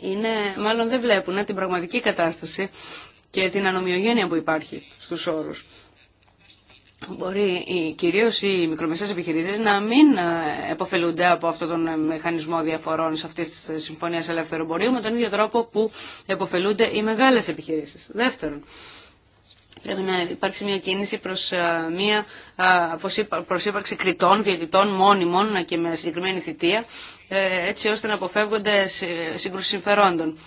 είναι, μάλλον δεν βλέπουν την πραγματική κατάσταση και την ανομοιογένεια που υπάρχει στους όρους μπορεί κυρίω κυρίως οι μικρομεσαίες επιχειρήσεις να μην ε, επωφελούνται από αυτόν τον ε, μηχανισμό διαφορών σε αυτή τη ε, συμφωνία ελεύθερου με τον ίδιο τρόπο που επωφελούνται οι μεγάλες επιχειρήσεις. Δεύτερον, πρέπει να υπάρξει μια κίνηση προς, μια, προς ύπαρξη κριτών, διαιτητών μόνιμων και με συγκεκριμένη θητεία έτσι ώστε να αποφεύγονται σύγκρουση συμφερόντων.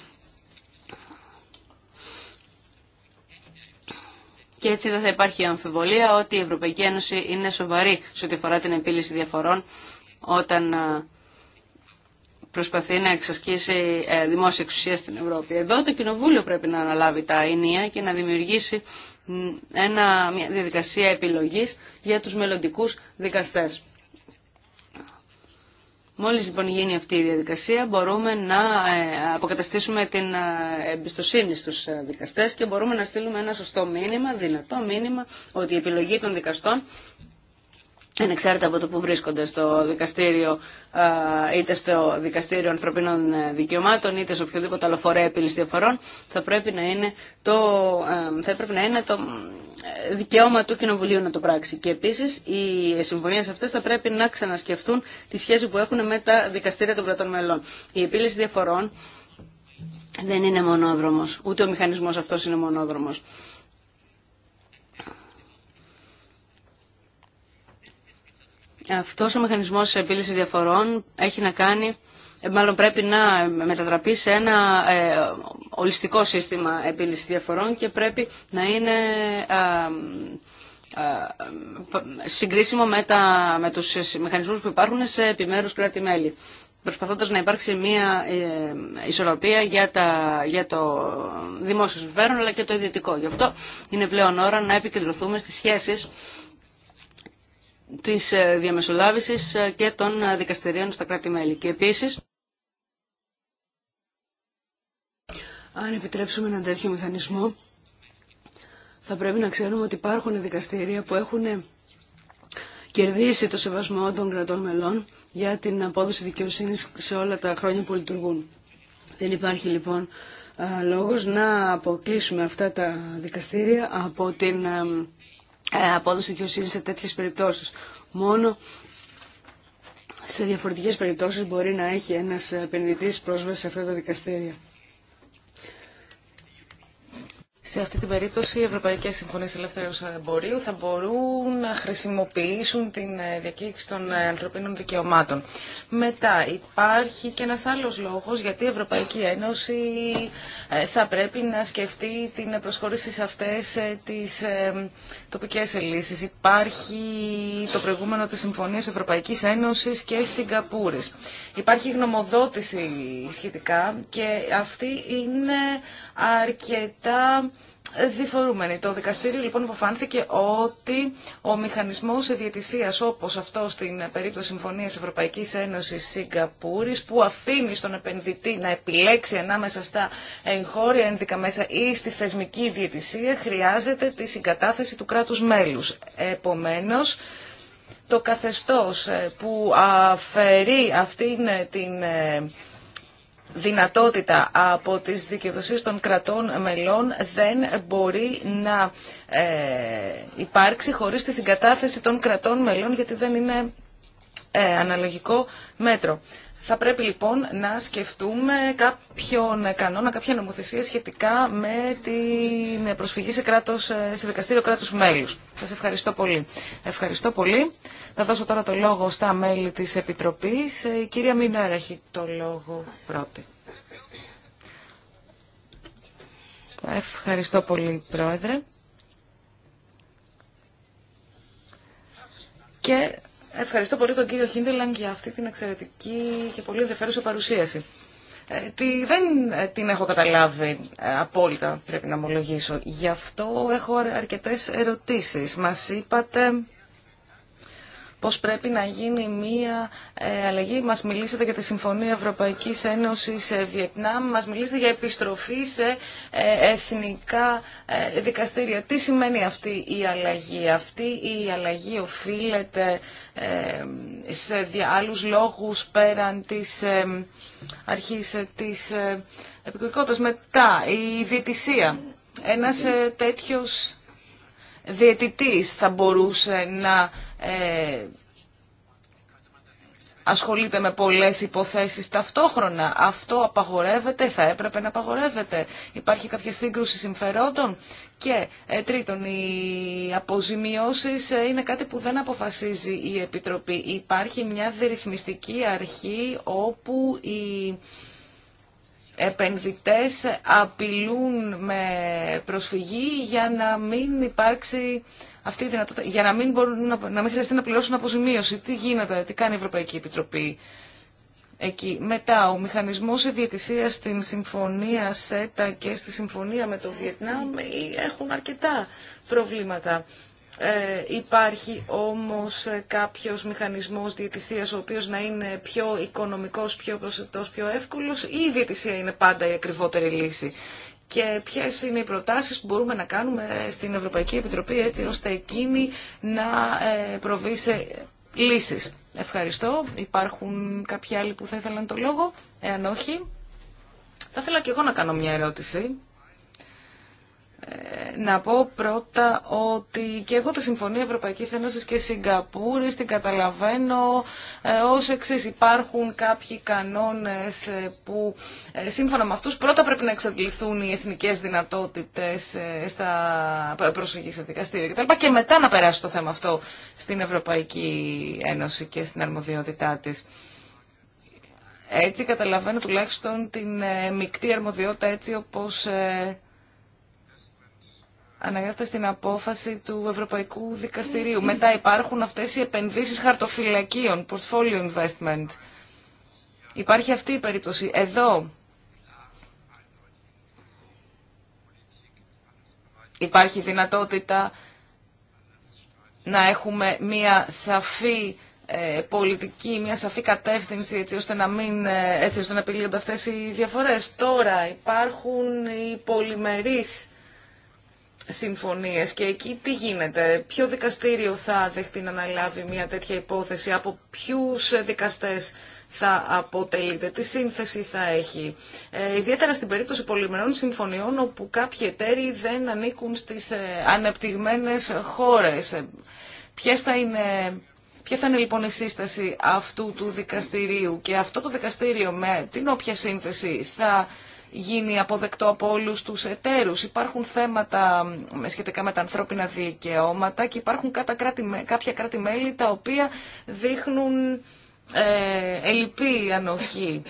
και έτσι δεν θα υπάρχει αμφιβολία ότι η Ευρωπαϊκή Ένωση είναι σοβαρή σε ό,τι αφορά την επίλυση διαφορών όταν ε, προσπαθεί να εξασκήσει ε, δημόσια εξουσία στην Ευρώπη. Εδώ το Κοινοβούλιο πρέπει να αναλάβει τα ενία και να δημιουργήσει ένα, μια διαδικασία επιλογής για τους μελλοντικού δικαστές. Μόλις λοιπόν γίνει αυτή η διαδικασία μπορούμε να ε, αποκαταστήσουμε την ε, εμπιστοσύνη στους ε, δικαστές και μπορούμε να στείλουμε ένα σωστό μήνυμα, δυνατό μήνυμα, ότι η επιλογή των δικαστών ανεξάρτητα από το που βρίσκονται στο δικαστήριο, είτε στο δικαστήριο ανθρωπίνων ε, δικαιωμάτων, είτε σε οποιοδήποτε άλλο φορέα επίλυση διαφορών, θα πρέπει να είναι το, ε, θα να είναι το ε, δικαίωμα του Κοινοβουλίου να το πράξει. Και επίσης οι συμφωνίε αυτές θα πρέπει να ξανασκεφτούν τη σχέση που έχουν με τα δικαστήρια των κρατών μελών. Η επίλυση διαφορών δεν είναι μονόδρομος, ούτε ο μηχανισμός αυτός είναι μονόδρομος. Αυτός ο μηχανισμός επίλυση διαφορών έχει να κάνει, ε, μάλλον πρέπει να μετατραπεί σε ένα ε, ολιστικό σύστημα επίλυση διαφορών και πρέπει να είναι ε, συγκρίσιμο με, τα, με τους μηχανισμούς που υπάρχουν σε επιμέρους κράτη-μέλη προσπαθώντας να υπάρξει μια ισορροπία για, τα, για το δημόσιο συμφέρον αλλά και το ιδιωτικό. Γι' αυτό είναι πλέον ώρα να επικεντρωθούμε στις σχέσεις της ε, διαμεσολάβησης ε, και των ε, δικαστηρίων στα κράτη-μέλη. Και επίσης, αν επιτρέψουμε έναν τέτοιο μηχανισμό, θα πρέπει να ξέρουμε ότι υπάρχουν δικαστήρια που έχουν κερδίσει το σεβασμό των κρατών μελών για την απόδοση δικαιοσύνης σε όλα τα χρόνια που λειτουργούν. Δεν υπάρχει λοιπόν λόγος να αποκλείσουμε αυτά τα δικαστήρια από την ε, απόδοση δικαιοσύνη σε τέτοιε περιπτώσει. Μόνο σε διαφορετικέ περιπτώσει μπορεί να έχει ένας επενδυτή πρόσβαση σε αυτά τα δικαστήρια. Σε αυτή την περίπτωση οι Ευρωπαϊκές Συμφωνίες Ελεύθερου Εμπορίου θα μπορούν να χρησιμοποιήσουν την ε, διακήρυξη των ε, ανθρωπίνων δικαιωμάτων. Μετά υπάρχει και ένας άλλος λόγος γιατί η Ευρωπαϊκή Ένωση ε, θα πρέπει να σκεφτεί την προσχώρηση σε αυτές τις τοπικές λύσεις. Υπάρχει το προηγούμενο της Συμφωνίας Ευρωπαϊκής Ένωσης και Συγκαπούρης. Υπάρχει γνωμοδότηση σχετικά και αυτή είναι αρκετά διφορούμενοι. Το δικαστήριο λοιπόν υποφάνθηκε ότι ο μηχανισμός διαιτησίας όπως αυτό στην περίπτωση Συμφωνίας Ευρωπαϊκής Ένωσης Σιγκαπούρης που αφήνει στον επενδυτή να επιλέξει ανάμεσα στα εγχώρια ένδικα μέσα ή στη θεσμική ιδιαιτησία, χρειάζεται τη συγκατάθεση του κράτους μέλους. Επομένως, το καθεστώς ε, που αφαιρεί αυτήν ε, την ε, δυνατότητα από τις δικαιοδοσίες των κρατών μελών δεν μπορεί να ε, υπάρξει χωρίς τη συγκατάθεση των κρατών μελών γιατί δεν είναι ε, αναλογικό μέτρο. Θα πρέπει λοιπόν να σκεφτούμε κάποιον κανόνα, κάποια νομοθεσία σχετικά με την προσφυγή σε, κράτος, σε δικαστήριο κράτους μέλους. Σας ευχαριστώ πολύ. Ευχαριστώ πολύ. Θα δώσω τώρα το λόγο στα μέλη της Επιτροπής. Ε, η κυρία Μινέρα έχει το λόγο πρώτη. Ευχαριστώ πολύ, Πρόεδρε. Και Ευχαριστώ πολύ τον κύριο Χίντελαν για αυτή την εξαιρετική και πολύ ενδιαφέρουσα παρουσίαση. Ε, τη δεν ε, την έχω καταλάβει ε, απόλυτα, πρέπει να ομολογήσω. Γι' αυτό έχω αρκετές ερωτήσεις. Μας είπατε πώς πρέπει να γίνει μία ε, αλλαγή. Μας μιλήσατε για τη Συμφωνία Ευρωπαϊκής Ένωσης Βιετνάμ, μας μιλήσατε για επιστροφή σε ε, εθνικά ε, δικαστήρια. Τι σημαίνει αυτή η αλλαγή. Αυτή η αλλαγή οφείλεται σε άλλους λόγους πέραν της αρχής της επικουρικότητας. Μετά, η διαιτησία. Ένας τέτοιος διαιτητής θα μπορούσε να ε, ασχολείται με πολλές υποθέσεις ταυτόχρονα. Αυτό απαγορεύεται, θα έπρεπε να απαγορεύεται. Υπάρχει κάποια σύγκρουση συμφερόντων. Και ε, τρίτον, οι αποζημιώσεις ε, είναι κάτι που δεν αποφασίζει η Επιτροπή. Υπάρχει μια διρυθμιστική αρχή όπου οι επενδυτές απειλούν με προσφυγή για να μην υπάρξει αυτή η για να μην, μπορούν, να, μην χρειαστεί να πληρώσουν αποζημίωση. Τι γίνεται, τι κάνει η Ευρωπαϊκή Επιτροπή εκεί. Μετά, ο μηχανισμό ιδιαιτησίας στην συμφωνία ΣΕΤΑ και στη συμφωνία με το Βιετνάμ ε, έχουν αρκετά προβλήματα. Ε, υπάρχει όμως κάποιος μηχανισμός διαιτησίας ο οποίος να είναι πιο οικονομικός, πιο προσεκτός, πιο εύκολος ή η διαιτησία είναι πάντα η ακριβότερη λύση και ποιε είναι οι προτάσεις που μπορούμε να κάνουμε στην Ευρωπαϊκή Επιτροπή έτσι ώστε εκείνη να ε, προβεί σε λύσεις. Ευχαριστώ. Υπάρχουν κάποιοι άλλοι που θα ήθελαν το λόγο. Εάν όχι, θα ήθελα και εγώ να κάνω μια ερώτηση. Ε, να πω πρώτα ότι και εγώ τη Συμφωνία Ευρωπαϊκής Ένωσης και Συγκαπούρης την καταλαβαίνω ε, ως εξή Υπάρχουν κάποιοι κανόνες ε, που σύμφωνα με αυτούς πρώτα πρέπει να εξαντληθούν οι εθνικές δυνατότητες στα προσοχή στα δικαστήρια κτλ. Και μετά να περάσει το θέμα αυτό στην Ευρωπαϊκή Ένωση και στην αρμοδιότητά της. Έτσι καταλαβαίνω τουλάχιστον την μεικτή αρμοδιότητα έτσι όπως αναγράφεται στην απόφαση του Ευρωπαϊκού Δικαστηρίου. Μετά υπάρχουν αυτές οι επενδύσεις χαρτοφυλακίων, portfolio investment. Υπάρχει αυτή η περίπτωση. Εδώ υπάρχει δυνατότητα να έχουμε μία σαφή ε, πολιτική, μια σαφή κατεύθυνση έτσι ώστε να μην ε, έτσι επιλύονται αυτές οι διαφορές. Τώρα υπάρχουν οι πολυμερείς συμφωνίες και εκεί τι γίνεται, ποιο δικαστήριο θα δεχτεί να αναλάβει μια τέτοια υπόθεση, από ποιους δικαστές θα αποτελείται, τι σύνθεση θα έχει. Ε, ιδιαίτερα στην περίπτωση πολυμερών συμφωνιών όπου κάποιοι εταίροι δεν ανήκουν στις ε, ανεπτυγμένες χώρες. Ε, είναι... Ποια θα είναι λοιπόν η σύσταση αυτού του δικαστηρίου και αυτό το δικαστήριο με την όποια σύνθεση θα γίνει αποδεκτό από όλους τους εταίρους. Υπάρχουν θέματα σχετικά με τα ανθρώπινα δικαιώματα και υπάρχουν κάποια κράτη-μέλη τα οποία δείχνουν ε, ελλειπή ανοχή.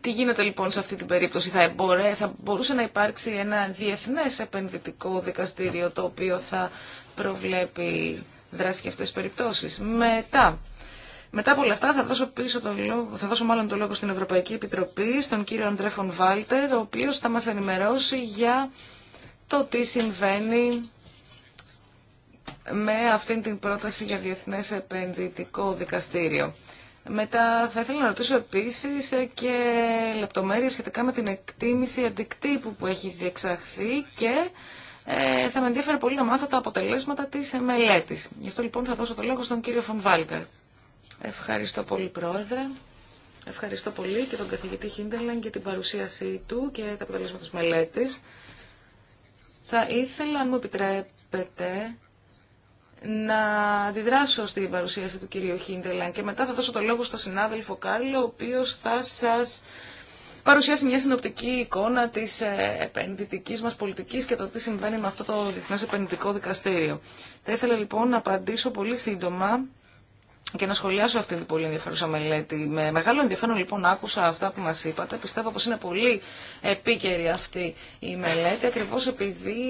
Τι γίνεται λοιπόν σε αυτή την περίπτωση, θα, εμπορε, θα μπορούσε να υπάρξει ένα διεθνές επενδυτικό δικαστήριο το οποίο θα προβλέπει δράση και αυτές τις περιπτώσεις. Μετά, μετά από όλα αυτά θα δώσω, πίσω το λόγο, θα δώσω μάλλον το λόγο στην Ευρωπαϊκή Επιτροπή, στον κύριο Αντρέφον Βάλτερ, ο οποίος θα μας ενημερώσει για το τι συμβαίνει με αυτήν την πρόταση για Διεθνές Επενδυτικό Δικαστήριο. Μετά θα ήθελα να ρωτήσω επίσης και λεπτομέρειες σχετικά με την εκτίμηση αντικτύπου που έχει διεξαχθεί και ε, θα με ενδιαφέρει πολύ να μάθω τα αποτελέσματα της μελέτης. Γι' αυτό λοιπόν θα δώσω το λόγο στον κύριο Φων Βάλτερ. Ευχαριστώ πολύ, Πρόεδρε. Ευχαριστώ πολύ και τον καθηγητή Χίντελεν για την παρουσίασή του και τα αποτελέσματα της μελέτης. Θα ήθελα, αν μου επιτρέπετε, να αντιδράσω στην παρουσίαση του κυρίου Χίντελεν και μετά θα δώσω το λόγο στον συνάδελφο Κάρλο, ο οποίος θα σας παρουσιάσει μια συνοπτική εικόνα της ε, επενδυτικής μας πολιτικής και το τι συμβαίνει με αυτό το Διεθνές Επενδυτικό Δικαστήριο. Θα ήθελα λοιπόν να απαντήσω πολύ σύντομα και να σχολιάσω αυτή την πολύ ενδιαφέρουσα μελέτη. Με μεγάλο ενδιαφέρον λοιπόν άκουσα αυτά που μας είπατε. Πιστεύω πως είναι πολύ επίκαιρη αυτή η μελέτη ακριβώς επειδή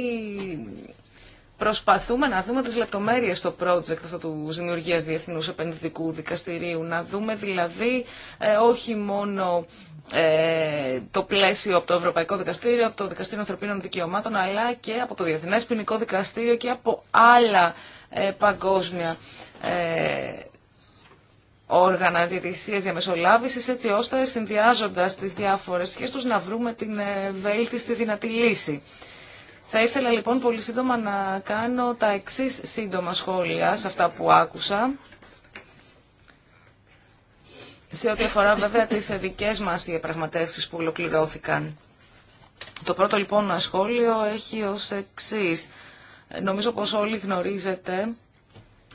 προσπαθούμε να δούμε τις λεπτομέρειες στο project αυτό του δημιουργία Διεθνούς Επενδυτικού Δικαστηρίου. Να δούμε δηλαδή ε, όχι μόνο ε, το πλαίσιο από το Ευρωπαϊκό Δικαστήριο, από το Δικαστήριο Ανθρωπίνων Δικαιωμάτων, αλλά και από το Διεθνές Ποινικό Δικαστήριο και από άλλα ε, παγκόσμια όργανα διαιτησίας διαμεσολάβησης έτσι ώστε συνδυάζοντας τις διάφορες πτυχές τους να βρούμε την ε, βέλτιστη δυνατή λύση. Θα ήθελα λοιπόν πολύ σύντομα να κάνω τα εξής σύντομα σχόλια σε αυτά που άκουσα. Σε ό,τι αφορά βέβαια τις ειδικές μας διαπραγματεύσεις που ολοκληρώθηκαν. Το πρώτο λοιπόν σχόλιο έχει ως εξή. Νομίζω πως όλοι γνωρίζετε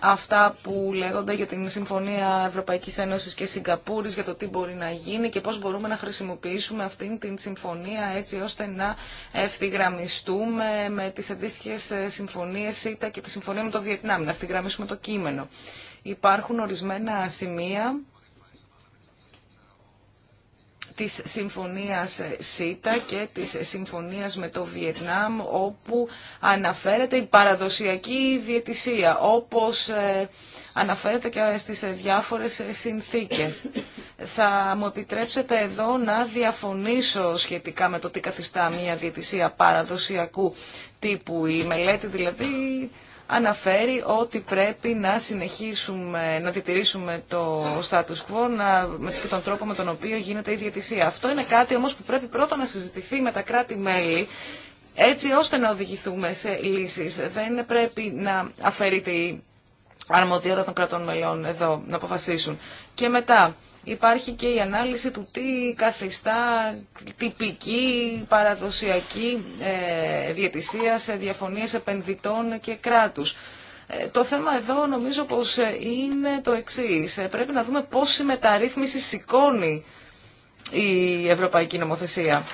αυτά που λέγονται για την Συμφωνία Ευρωπαϊκής Ένωσης και Συγκαπούρης, για το τι μπορεί να γίνει και πώς μπορούμε να χρησιμοποιήσουμε αυτήν την συμφωνία έτσι ώστε να ευθυγραμμιστούμε με τις αντίστοιχε ε, συμφωνίες ΣΥΤΑ και τη συμφωνία με το Βιετνάμ, να ευθυγραμμίσουμε το κείμενο. Υπάρχουν ορισμένα σημεία της Συμφωνίας ΣΥΤΑ και της Συμφωνίας με το Βιετνάμ όπου αναφέρεται η παραδοσιακή διαιτησία όπως ε, αναφέρεται και στις διάφορες συνθήκες. Θα μου επιτρέψετε εδώ να διαφωνήσω σχετικά με το τι καθιστά μια διαιτησία παραδοσιακού τύπου. Η μελέτη δηλαδή αναφέρει ότι πρέπει να συνεχίσουμε, να διατηρήσουμε το status quo να, με τον τρόπο με τον οποίο γίνεται η διατησία. Αυτό είναι κάτι όμως που πρέπει πρώτα να συζητηθεί με τα κράτη-μέλη έτσι ώστε να οδηγηθούμε σε λύσεις. Δεν πρέπει να αφαιρείται η αρμοδιότητα των κρατών μελών εδώ να αποφασίσουν. Και μετά, υπάρχει και η ανάλυση του τι καθιστά τυπική παραδοσιακή ε, διαιτησία σε διαφωνίες επενδυτών και κράτους. Ε, το θέμα εδώ νομίζω πως ε, είναι το εξής. Ε, πρέπει να δούμε πόση μεταρρύθμιση σηκώνει η ευρωπαϊκή νομοθεσία.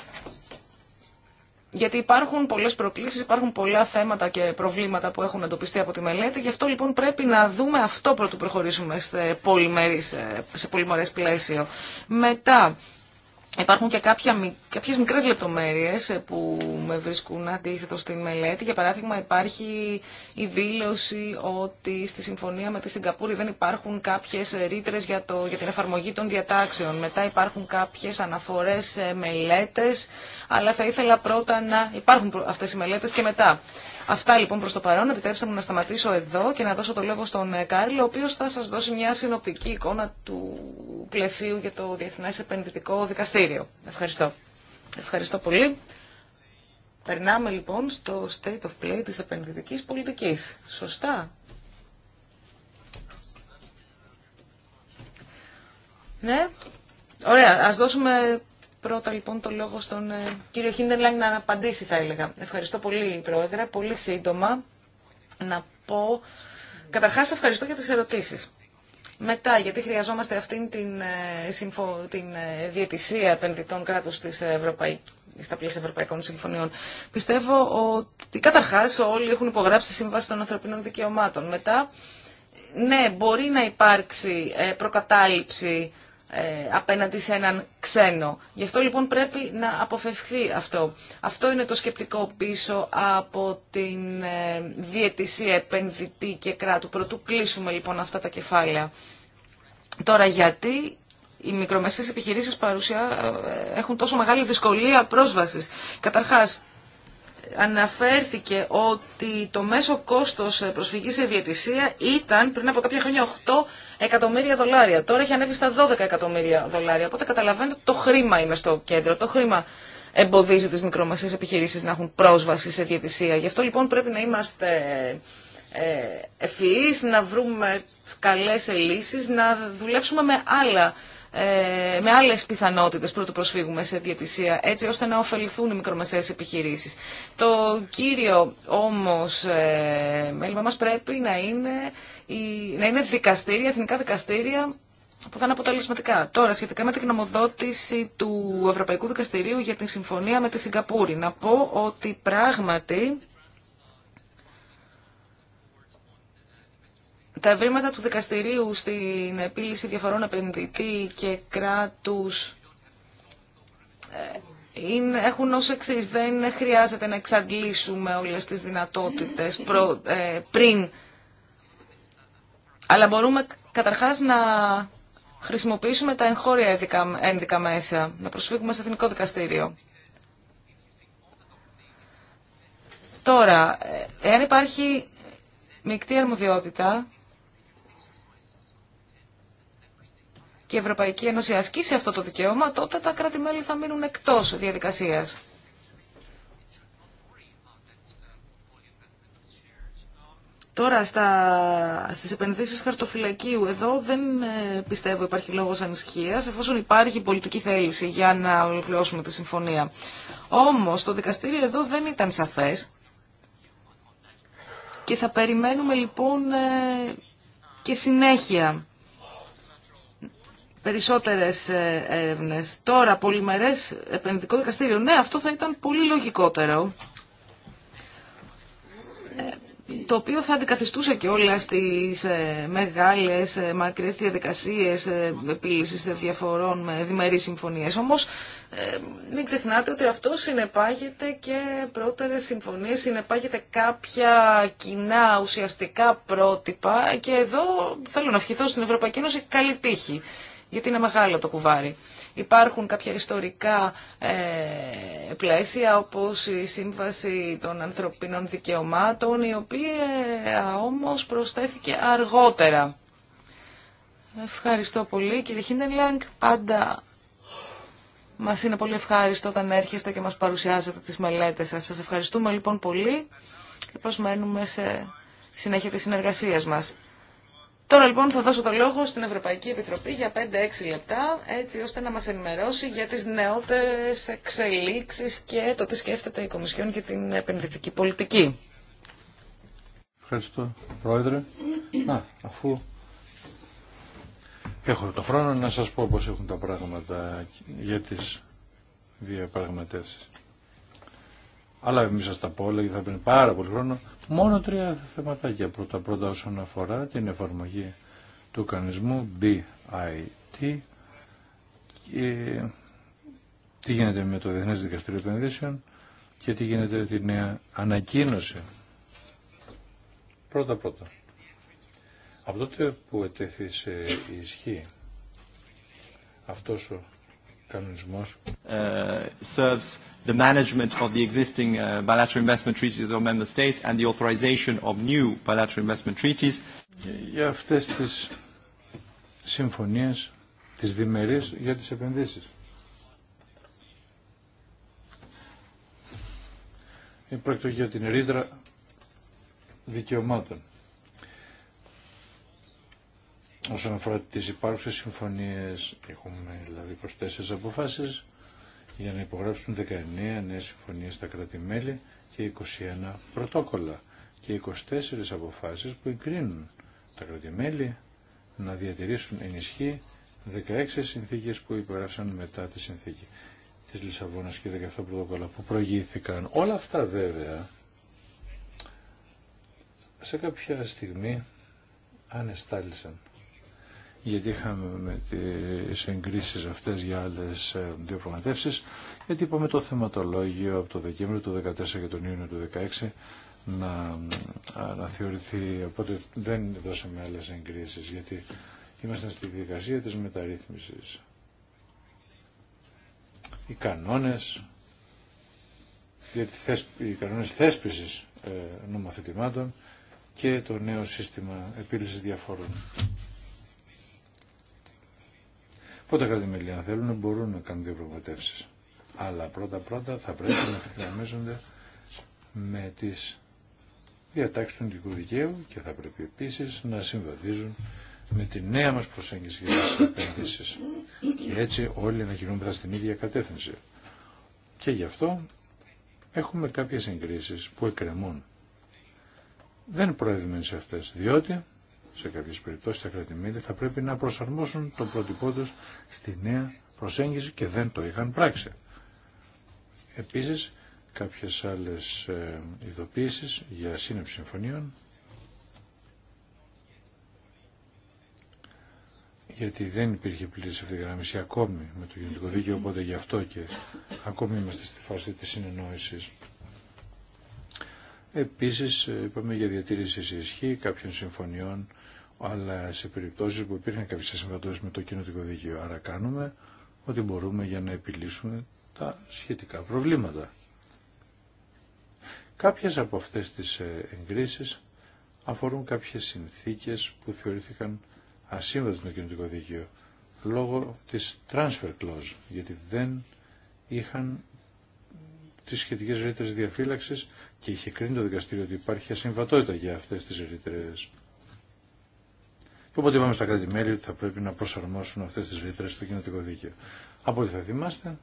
Γιατί υπάρχουν πολλέ προκλήσει, υπάρχουν πολλά θέματα και προβλήματα που έχουν εντοπιστεί από τη μελέτη. Γι' αυτό λοιπόν πρέπει να δούμε αυτό που προχωρήσουμε σε, πολυμερές, σε πλαίσιο. Μετά υπάρχουν και κάποια Κάποιε μικρέ λεπτομέρειε ε, που με βρίσκουν αντίθετο στη μελέτη. Για παράδειγμα υπάρχει η δήλωση ότι στη συμφωνία με τη Σιγκαπούρη δεν υπάρχουν κάποιε ρήτρε για, για την εφαρμογή των διατάξεων. Μετά υπάρχουν κάποιε αναφορέ σε μελέτες, αλλά θα ήθελα πρώτα να υπάρχουν αυτέ οι μελέτε και μετά. Αυτά λοιπόν προ το παρόν. Επιτρέψτε μου να σταματήσω εδώ και να δώσω το λόγο στον ε, Κάριλ, ο οποίο θα σα δώσει μια συνοπτική εικόνα του πλαισίου για το Διεθνέ Επενδυτικό Δικαστήριο. Ευχαριστώ. Ευχαριστώ πολύ. Περνάμε λοιπόν στο state of play της επενδυτικής πολιτικής. Σωστά. Ναι. Ωραία. Ας δώσουμε πρώτα λοιπόν το λόγο στον ε, κύριο Χίντελανγκ να απαντήσει θα έλεγα. Ευχαριστώ πολύ Πρόεδρε. Πολύ σύντομα να πω. Καταρχάς ευχαριστώ για τις ερωτήσεις. Μετά, γιατί χρειαζόμαστε αυτήν την, ε, την ε, διαιτησία επενδυτών κράτους της στα πλαίσια Ευρωπαϊκών Συμφωνιών. Πιστεύω ότι καταρχάς όλοι έχουν υπογράψει τη Σύμβαση των Ανθρωπίνων Δικαιωμάτων. Μετά, ναι, μπορεί να υπάρξει ε, προκατάληψη ε, απέναντι σε έναν ξένο. Γι' αυτό λοιπόν πρέπει να αποφευχθεί αυτό. Αυτό είναι το σκεπτικό πίσω από την ε, διαιτησία επενδυτή και κράτου. Πρωτού κλείσουμε λοιπόν αυτά τα κεφάλαια. Τώρα γιατί οι μικρομεσαίες επιχειρήσεις παρουσία ε, έχουν τόσο μεγάλη δυσκολία πρόσβασης. Καταρχάς, αναφέρθηκε ότι το μέσο κόστος προσφυγής σε διαιτησία ήταν πριν από κάποια χρόνια 8 εκατομμύρια δολάρια. Τώρα έχει ανέβει στα 12 εκατομμύρια δολάρια. Οπότε καταλαβαίνετε ότι το χρήμα είναι στο κέντρο. Το χρήμα εμποδίζει τις μικρομεσαίες επιχειρήσεις να έχουν πρόσβαση σε διαιτησία. Γι' αυτό λοιπόν πρέπει να είμαστε ε, ευφυείς, να βρούμε καλές λύσεις, να δουλέψουμε με άλλα ε, με άλλες πιθανότητες πρώτου προσφύγουμε σε διατησία, έτσι ώστε να ωφεληθούν οι μικρομεσαίες επιχειρήσεις. Το κύριο όμως ε, μέλημα μας πρέπει να είναι, να είναι δικαστήρια, εθνικά δικαστήρια που θα είναι αποτελεσματικά. Τώρα, σχετικά με την γνωμοδότηση του Ευρωπαϊκού Δικαστηρίου για την συμφωνία με τη Σιγκαπούρη, να πω ότι πράγματι Τα ευρήματα του δικαστηρίου στην επίλυση διαφορών επενδυτή και κράτους ε, είναι, έχουν ως εξή. Δεν χρειάζεται να εξαντλήσουμε όλες τις δυνατότητες ε, πριν. Αλλά μπορούμε καταρχάς να χρησιμοποιήσουμε τα εγχώρια ένδικα, ένδικα μέσα, να προσφύγουμε στο Εθνικό Δικαστήριο. Τώρα, ε, εάν υπάρχει μεικτή αρμοδιότητα, και η Ευρωπαϊκή Ένωση ασκήσει αυτό το δικαίωμα, τότε τα κράτη-μέλη θα μείνουν εκτός διαδικασίας. Τώρα στα, στις επενδύσεις χαρτοφυλακίου, εδώ δεν ε, πιστεύω υπάρχει λόγος ανησυχίας, εφόσον υπάρχει πολιτική θέληση για να ολοκληρώσουμε τη συμφωνία. Όμως το δικαστήριο εδώ δεν ήταν σαφές και θα περιμένουμε λοιπόν ε, και συνέχεια περισσότερες ε, έρευνες. Τώρα, πολυμερές επενδυτικό δικαστήριο. Ναι, αυτό θα ήταν πολύ λογικότερο. Ε, το οποίο θα αντικαθιστούσε και όλα στις ε, μεγάλες, μακρές διαδικασίες επίλυσης διαφορών με διμερείς συμφωνίες. Όμως, μην ξεχνάτε ότι αυτό συνεπάγεται και πρώτερες συμφωνίες, συνεπάγεται κάποια κοινά ουσιαστικά πρότυπα και εδώ θέλω να ευχηθώ στην Ευρωπαϊκή Ένωση καλή τύχη γιατί είναι μεγάλο το κουβάρι. Υπάρχουν κάποια ιστορικά ε, πλαίσια όπως η Σύμβαση των Ανθρωπίνων Δικαιωμάτων η οποία ε, όμως προσθέθηκε αργότερα. Ευχαριστώ πολύ κύριε Λέγκ. Πάντα μας είναι πολύ ευχάριστο όταν έρχεστε και μας παρουσιάζετε τις μελέτες σας. Σας ευχαριστούμε λοιπόν πολύ και προσμένουμε σε συνέχεια της συνεργασίας μας. Τώρα λοιπόν θα δώσω το λόγο στην Ευρωπαϊκή Επιτροπή για 5-6 λεπτά, έτσι ώστε να μας ενημερώσει για τις νεότερες εξελίξεις και το τι σκέφτεται η Κομισιόν για την επενδυτική πολιτική. Ευχαριστώ, Πρόεδρε. αφού έχω το χρόνο να σας πω πώς έχουν τα πράγματα για τις διαπραγματεύσεις. Αλλά εμείς σας τα πω όλα, θα πρέπει πάρα πολύ χρόνο. Μόνο τρία θεματάκια πρώτα πρώτα όσον αφορά την εφαρμογή του κανονισμού BIT και τι γίνεται με το Διεθνές Δικαστήριο Επενδύσεων και τι γίνεται με τη νέα ανακοίνωση. Πρώτα πρώτα. Από τότε που ετέθησε η ισχύ αυτός ο κανονισμός serves the management of the existing bilateral investment treaties of member states and the authorization of new bilateral investment treaties. Για αυτές τις συμφωνίες, τις διμερείς για τις επενδύσεις. Πρόκειται για την ρήτρα δικαιωμάτων. Όσον αφορά τις υπάρχουσες συμφωνίες, έχουμε δηλαδή 24 αποφάσεις για να υπογράψουν 19 νέες συμφωνίες στα κράτη-μέλη και 21 πρωτόκολλα και 24 αποφάσεις που εγκρίνουν τα κράτη-μέλη να διατηρήσουν ενισχύ 16 συνθήκες που υπογράψαν μετά τη συνθήκη της Λισαβόνας και 17 πρωτόκολλα που προηγήθηκαν. Όλα αυτά βέβαια σε κάποια στιγμή ανεστάλησαν γιατί είχαμε με τις εγκρίσεις αυτές για άλλες ε, διαπραγματεύσεις, γιατί είπαμε το θεματολόγιο από το Δεκέμβριο του 2014 και τον Ιούνιο του 2016 να, ε, να θεωρηθεί, οπότε δεν δώσαμε άλλες εγκρίσεις, γιατί ήμασταν στη διαδικασία της μεταρρύθμισης. Οι κανόνες, οι κανόνες θέσπισης ε, νομοθετημάτων και το νέο σύστημα επίλυσης διαφόρων. Οπότε κάτι αν θέλουν, μπορούν να κάνουν διαπραγματεύσει. Αλλά πρώτα-πρώτα θα πρέπει να φυλαμίζονται με τι διατάξει του ειδικού δικαίου και θα πρέπει επίση να συμβαδίζουν με τη νέα μα προσέγγιση για τι επενδύσει. Και έτσι όλοι να κινούμεθα στην ίδια κατεύθυνση. Και γι' αυτό έχουμε κάποιε συγκρίσει που εκκρεμούν. Δεν προέβημε σε αυτέ, διότι σε κάποιες περιπτώσεις τα κρατημέλη θα πρέπει να προσαρμόσουν τον πρότυπό στη νέα προσέγγιση και δεν το είχαν πράξει. Επίσης, κάποιες άλλες ε, ειδοποίησεις για σύννεψη συμφωνίων γιατί δεν υπήρχε πλήρης ευθυγράμμιση ακόμη με το γενικό δίκαιο, οπότε γι' αυτό και ακόμη είμαστε στη φάση της συνεννόησης. Επίσης, ε, είπαμε για διατήρηση σε ισχύ κάποιων συμφωνιών αλλά σε περιπτώσεις που υπήρχαν κάποιες ασυμβατώσεις με το κοινωτικό δίκαιο. Άρα κάνουμε ό,τι μπορούμε για να επιλύσουμε τα σχετικά προβλήματα. Κάποιες από αυτές τις ε, εγκρίσεις αφορούν κάποιες συνθήκες που θεωρήθηκαν ασύμβατες με το κοινωτικό δίκαιο λόγω της transfer clause, γιατί δεν είχαν τις σχετικές ρήτρες διαφύλαξης και είχε κρίνει το δικαστήριο ότι υπάρχει ασυμβατότητα για αυτές τις ρήτρες οπότε είπαμε στα κράτη-μέλη ότι θα πρέπει να προσαρμόσουν αυτέ τι ρήτρε στο κοινοτικό δίκαιο. Από ό,τι θα θυμάστε,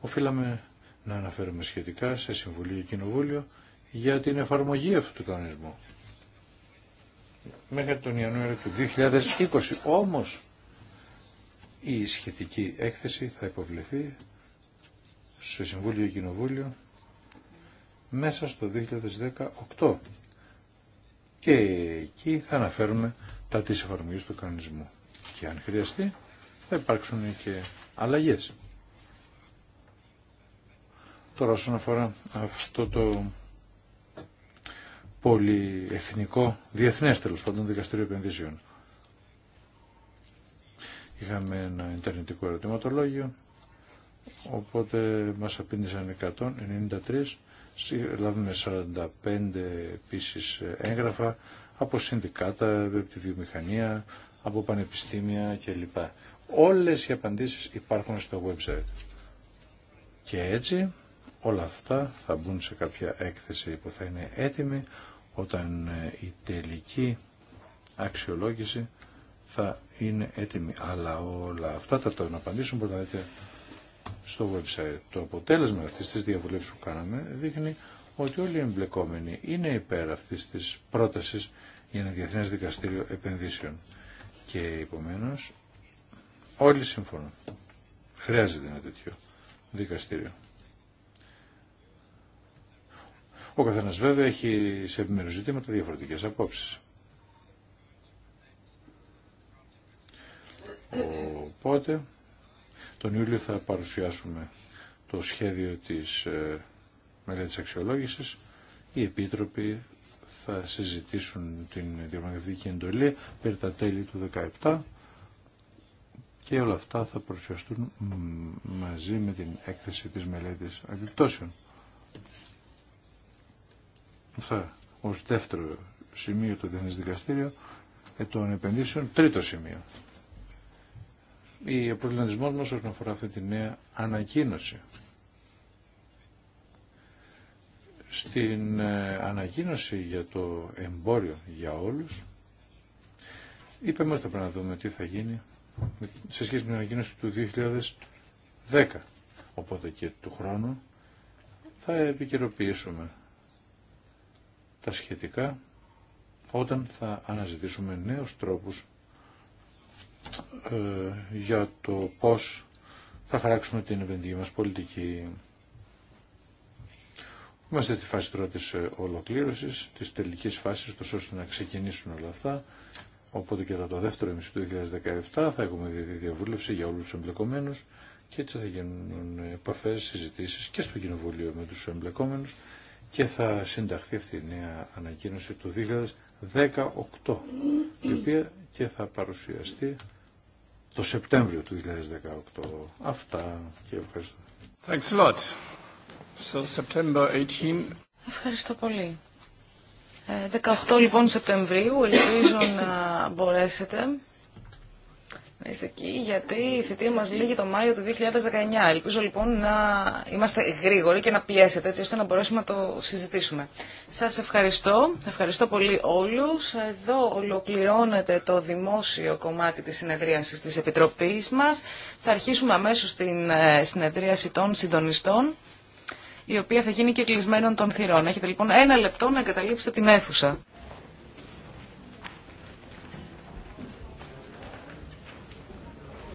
οφείλαμε να αναφέρουμε σχετικά σε Συμβουλή και Κοινοβούλιο για την εφαρμογή αυτού του κανονισμού. Μέχρι τον Ιανουάριο του 2020 όμως η σχετική έκθεση θα υποβληθεί σε Συμβούλιο και Κοινοβούλιο μέσα στο 2018 και εκεί θα αναφέρουμε τα της εφαρμογής του κανονισμού. Και αν χρειαστεί θα υπάρξουν και αλλαγές. Τώρα όσον αφορά αυτό το πολυεθνικό, διεθνές τέλο πάντων δικαστήριο επενδύσεων. Είχαμε ένα ιντερνετικό ερωτηματολόγιο, οπότε μας απήντησαν 193, λάβουμε 45 επίση έγγραφα από συνδικάτα, από τη βιομηχανία, από πανεπιστήμια κλπ. Όλες οι απαντήσεις υπάρχουν στο website. Και έτσι όλα αυτά θα μπουν σε κάποια έκθεση που θα είναι έτοιμη όταν ε, η τελική αξιολόγηση θα είναι έτοιμη. Αλλά όλα αυτά θα τα απαντήσουν πρώτα στο website. Το αποτέλεσμα αυτής της διαβουλεύσης που κάναμε δείχνει ότι όλοι οι εμπλεκόμενοι είναι υπέρ αυτή της πρόταση για ένα διεθνέ δικαστήριο επενδύσεων. Και επομένω, όλοι συμφωνούν. Χρειάζεται ένα τέτοιο δικαστήριο. Ο καθένας βέβαια έχει σε επιμέρου ζητήματα διαφορετικές απόψεις. Οπότε τον Ιούλιο θα παρουσιάσουμε το σχέδιο της ε, μελέτης αξιολόγηση, οι επίτροποι θα συζητήσουν την διαπραγματευτική εντολή περί τα τέλη του 2017 και όλα αυτά θα παρουσιαστούν μαζί με την έκθεση της μελέτης επιπτώσεων. Θα ως δεύτερο σημείο το Διεθνές Δικαστήριο ε, των επενδύσεων, τρίτο σημείο. Ο απολυναντισμός μας όσον αφορά αυτή τη νέα ανακοίνωση στην ε, ανακοίνωση για το εμπόριο για όλους είπε μας θα πρέπει να δούμε τι θα γίνει σε σχέση με την ανακοίνωση του 2010 οπότε και του χρόνου θα επικαιροποιήσουμε τα σχετικά όταν θα αναζητήσουμε νέους τρόπους ε, για το πώς θα χαράξουμε την επενδυτική μας πολιτική Είμαστε στη φάση τώρα της ε, ολοκλήρωσης, της τελικής φάσης, ώστε να ξεκινήσουν όλα αυτά. Οπότε και το δεύτερο εμείς του 2017 θα έχουμε διαβούλευση για όλους τους εμπλεκομένους και έτσι θα γίνουν επαφές, συζητήσεις και στο Κοινοβούλιο με τους εμπλεκόμενους και θα συνταχθεί αυτή η νέα ανακοίνωση του 2018 η οποία και θα παρουσιαστεί το Σεπτέμβριο του 2018. Αυτά και ευχαριστώ. So, September 18. Ευχαριστώ πολύ. 18 ε, λοιπόν Σεπτεμβρίου, ελπίζω να μπορέσετε να είστε εκεί, γιατί η θητεία μας λύγει το Μάιο του 2019. Ελπίζω λοιπόν να είμαστε γρήγοροι και να πιέσετε, έτσι ώστε να μπορέσουμε να το συζητήσουμε. Σας ευχαριστώ, ευχαριστώ πολύ όλους. Εδώ ολοκληρώνεται το δημόσιο κομμάτι της συνεδρίασης της Επιτροπής μας. Θα αρχίσουμε αμέσως την ε, συνεδρίαση των συντονιστών η οποία θα γίνει και κλεισμένον των θυρών. Έχετε λοιπόν ένα λεπτό να εγκαταλείψετε την αίθουσα.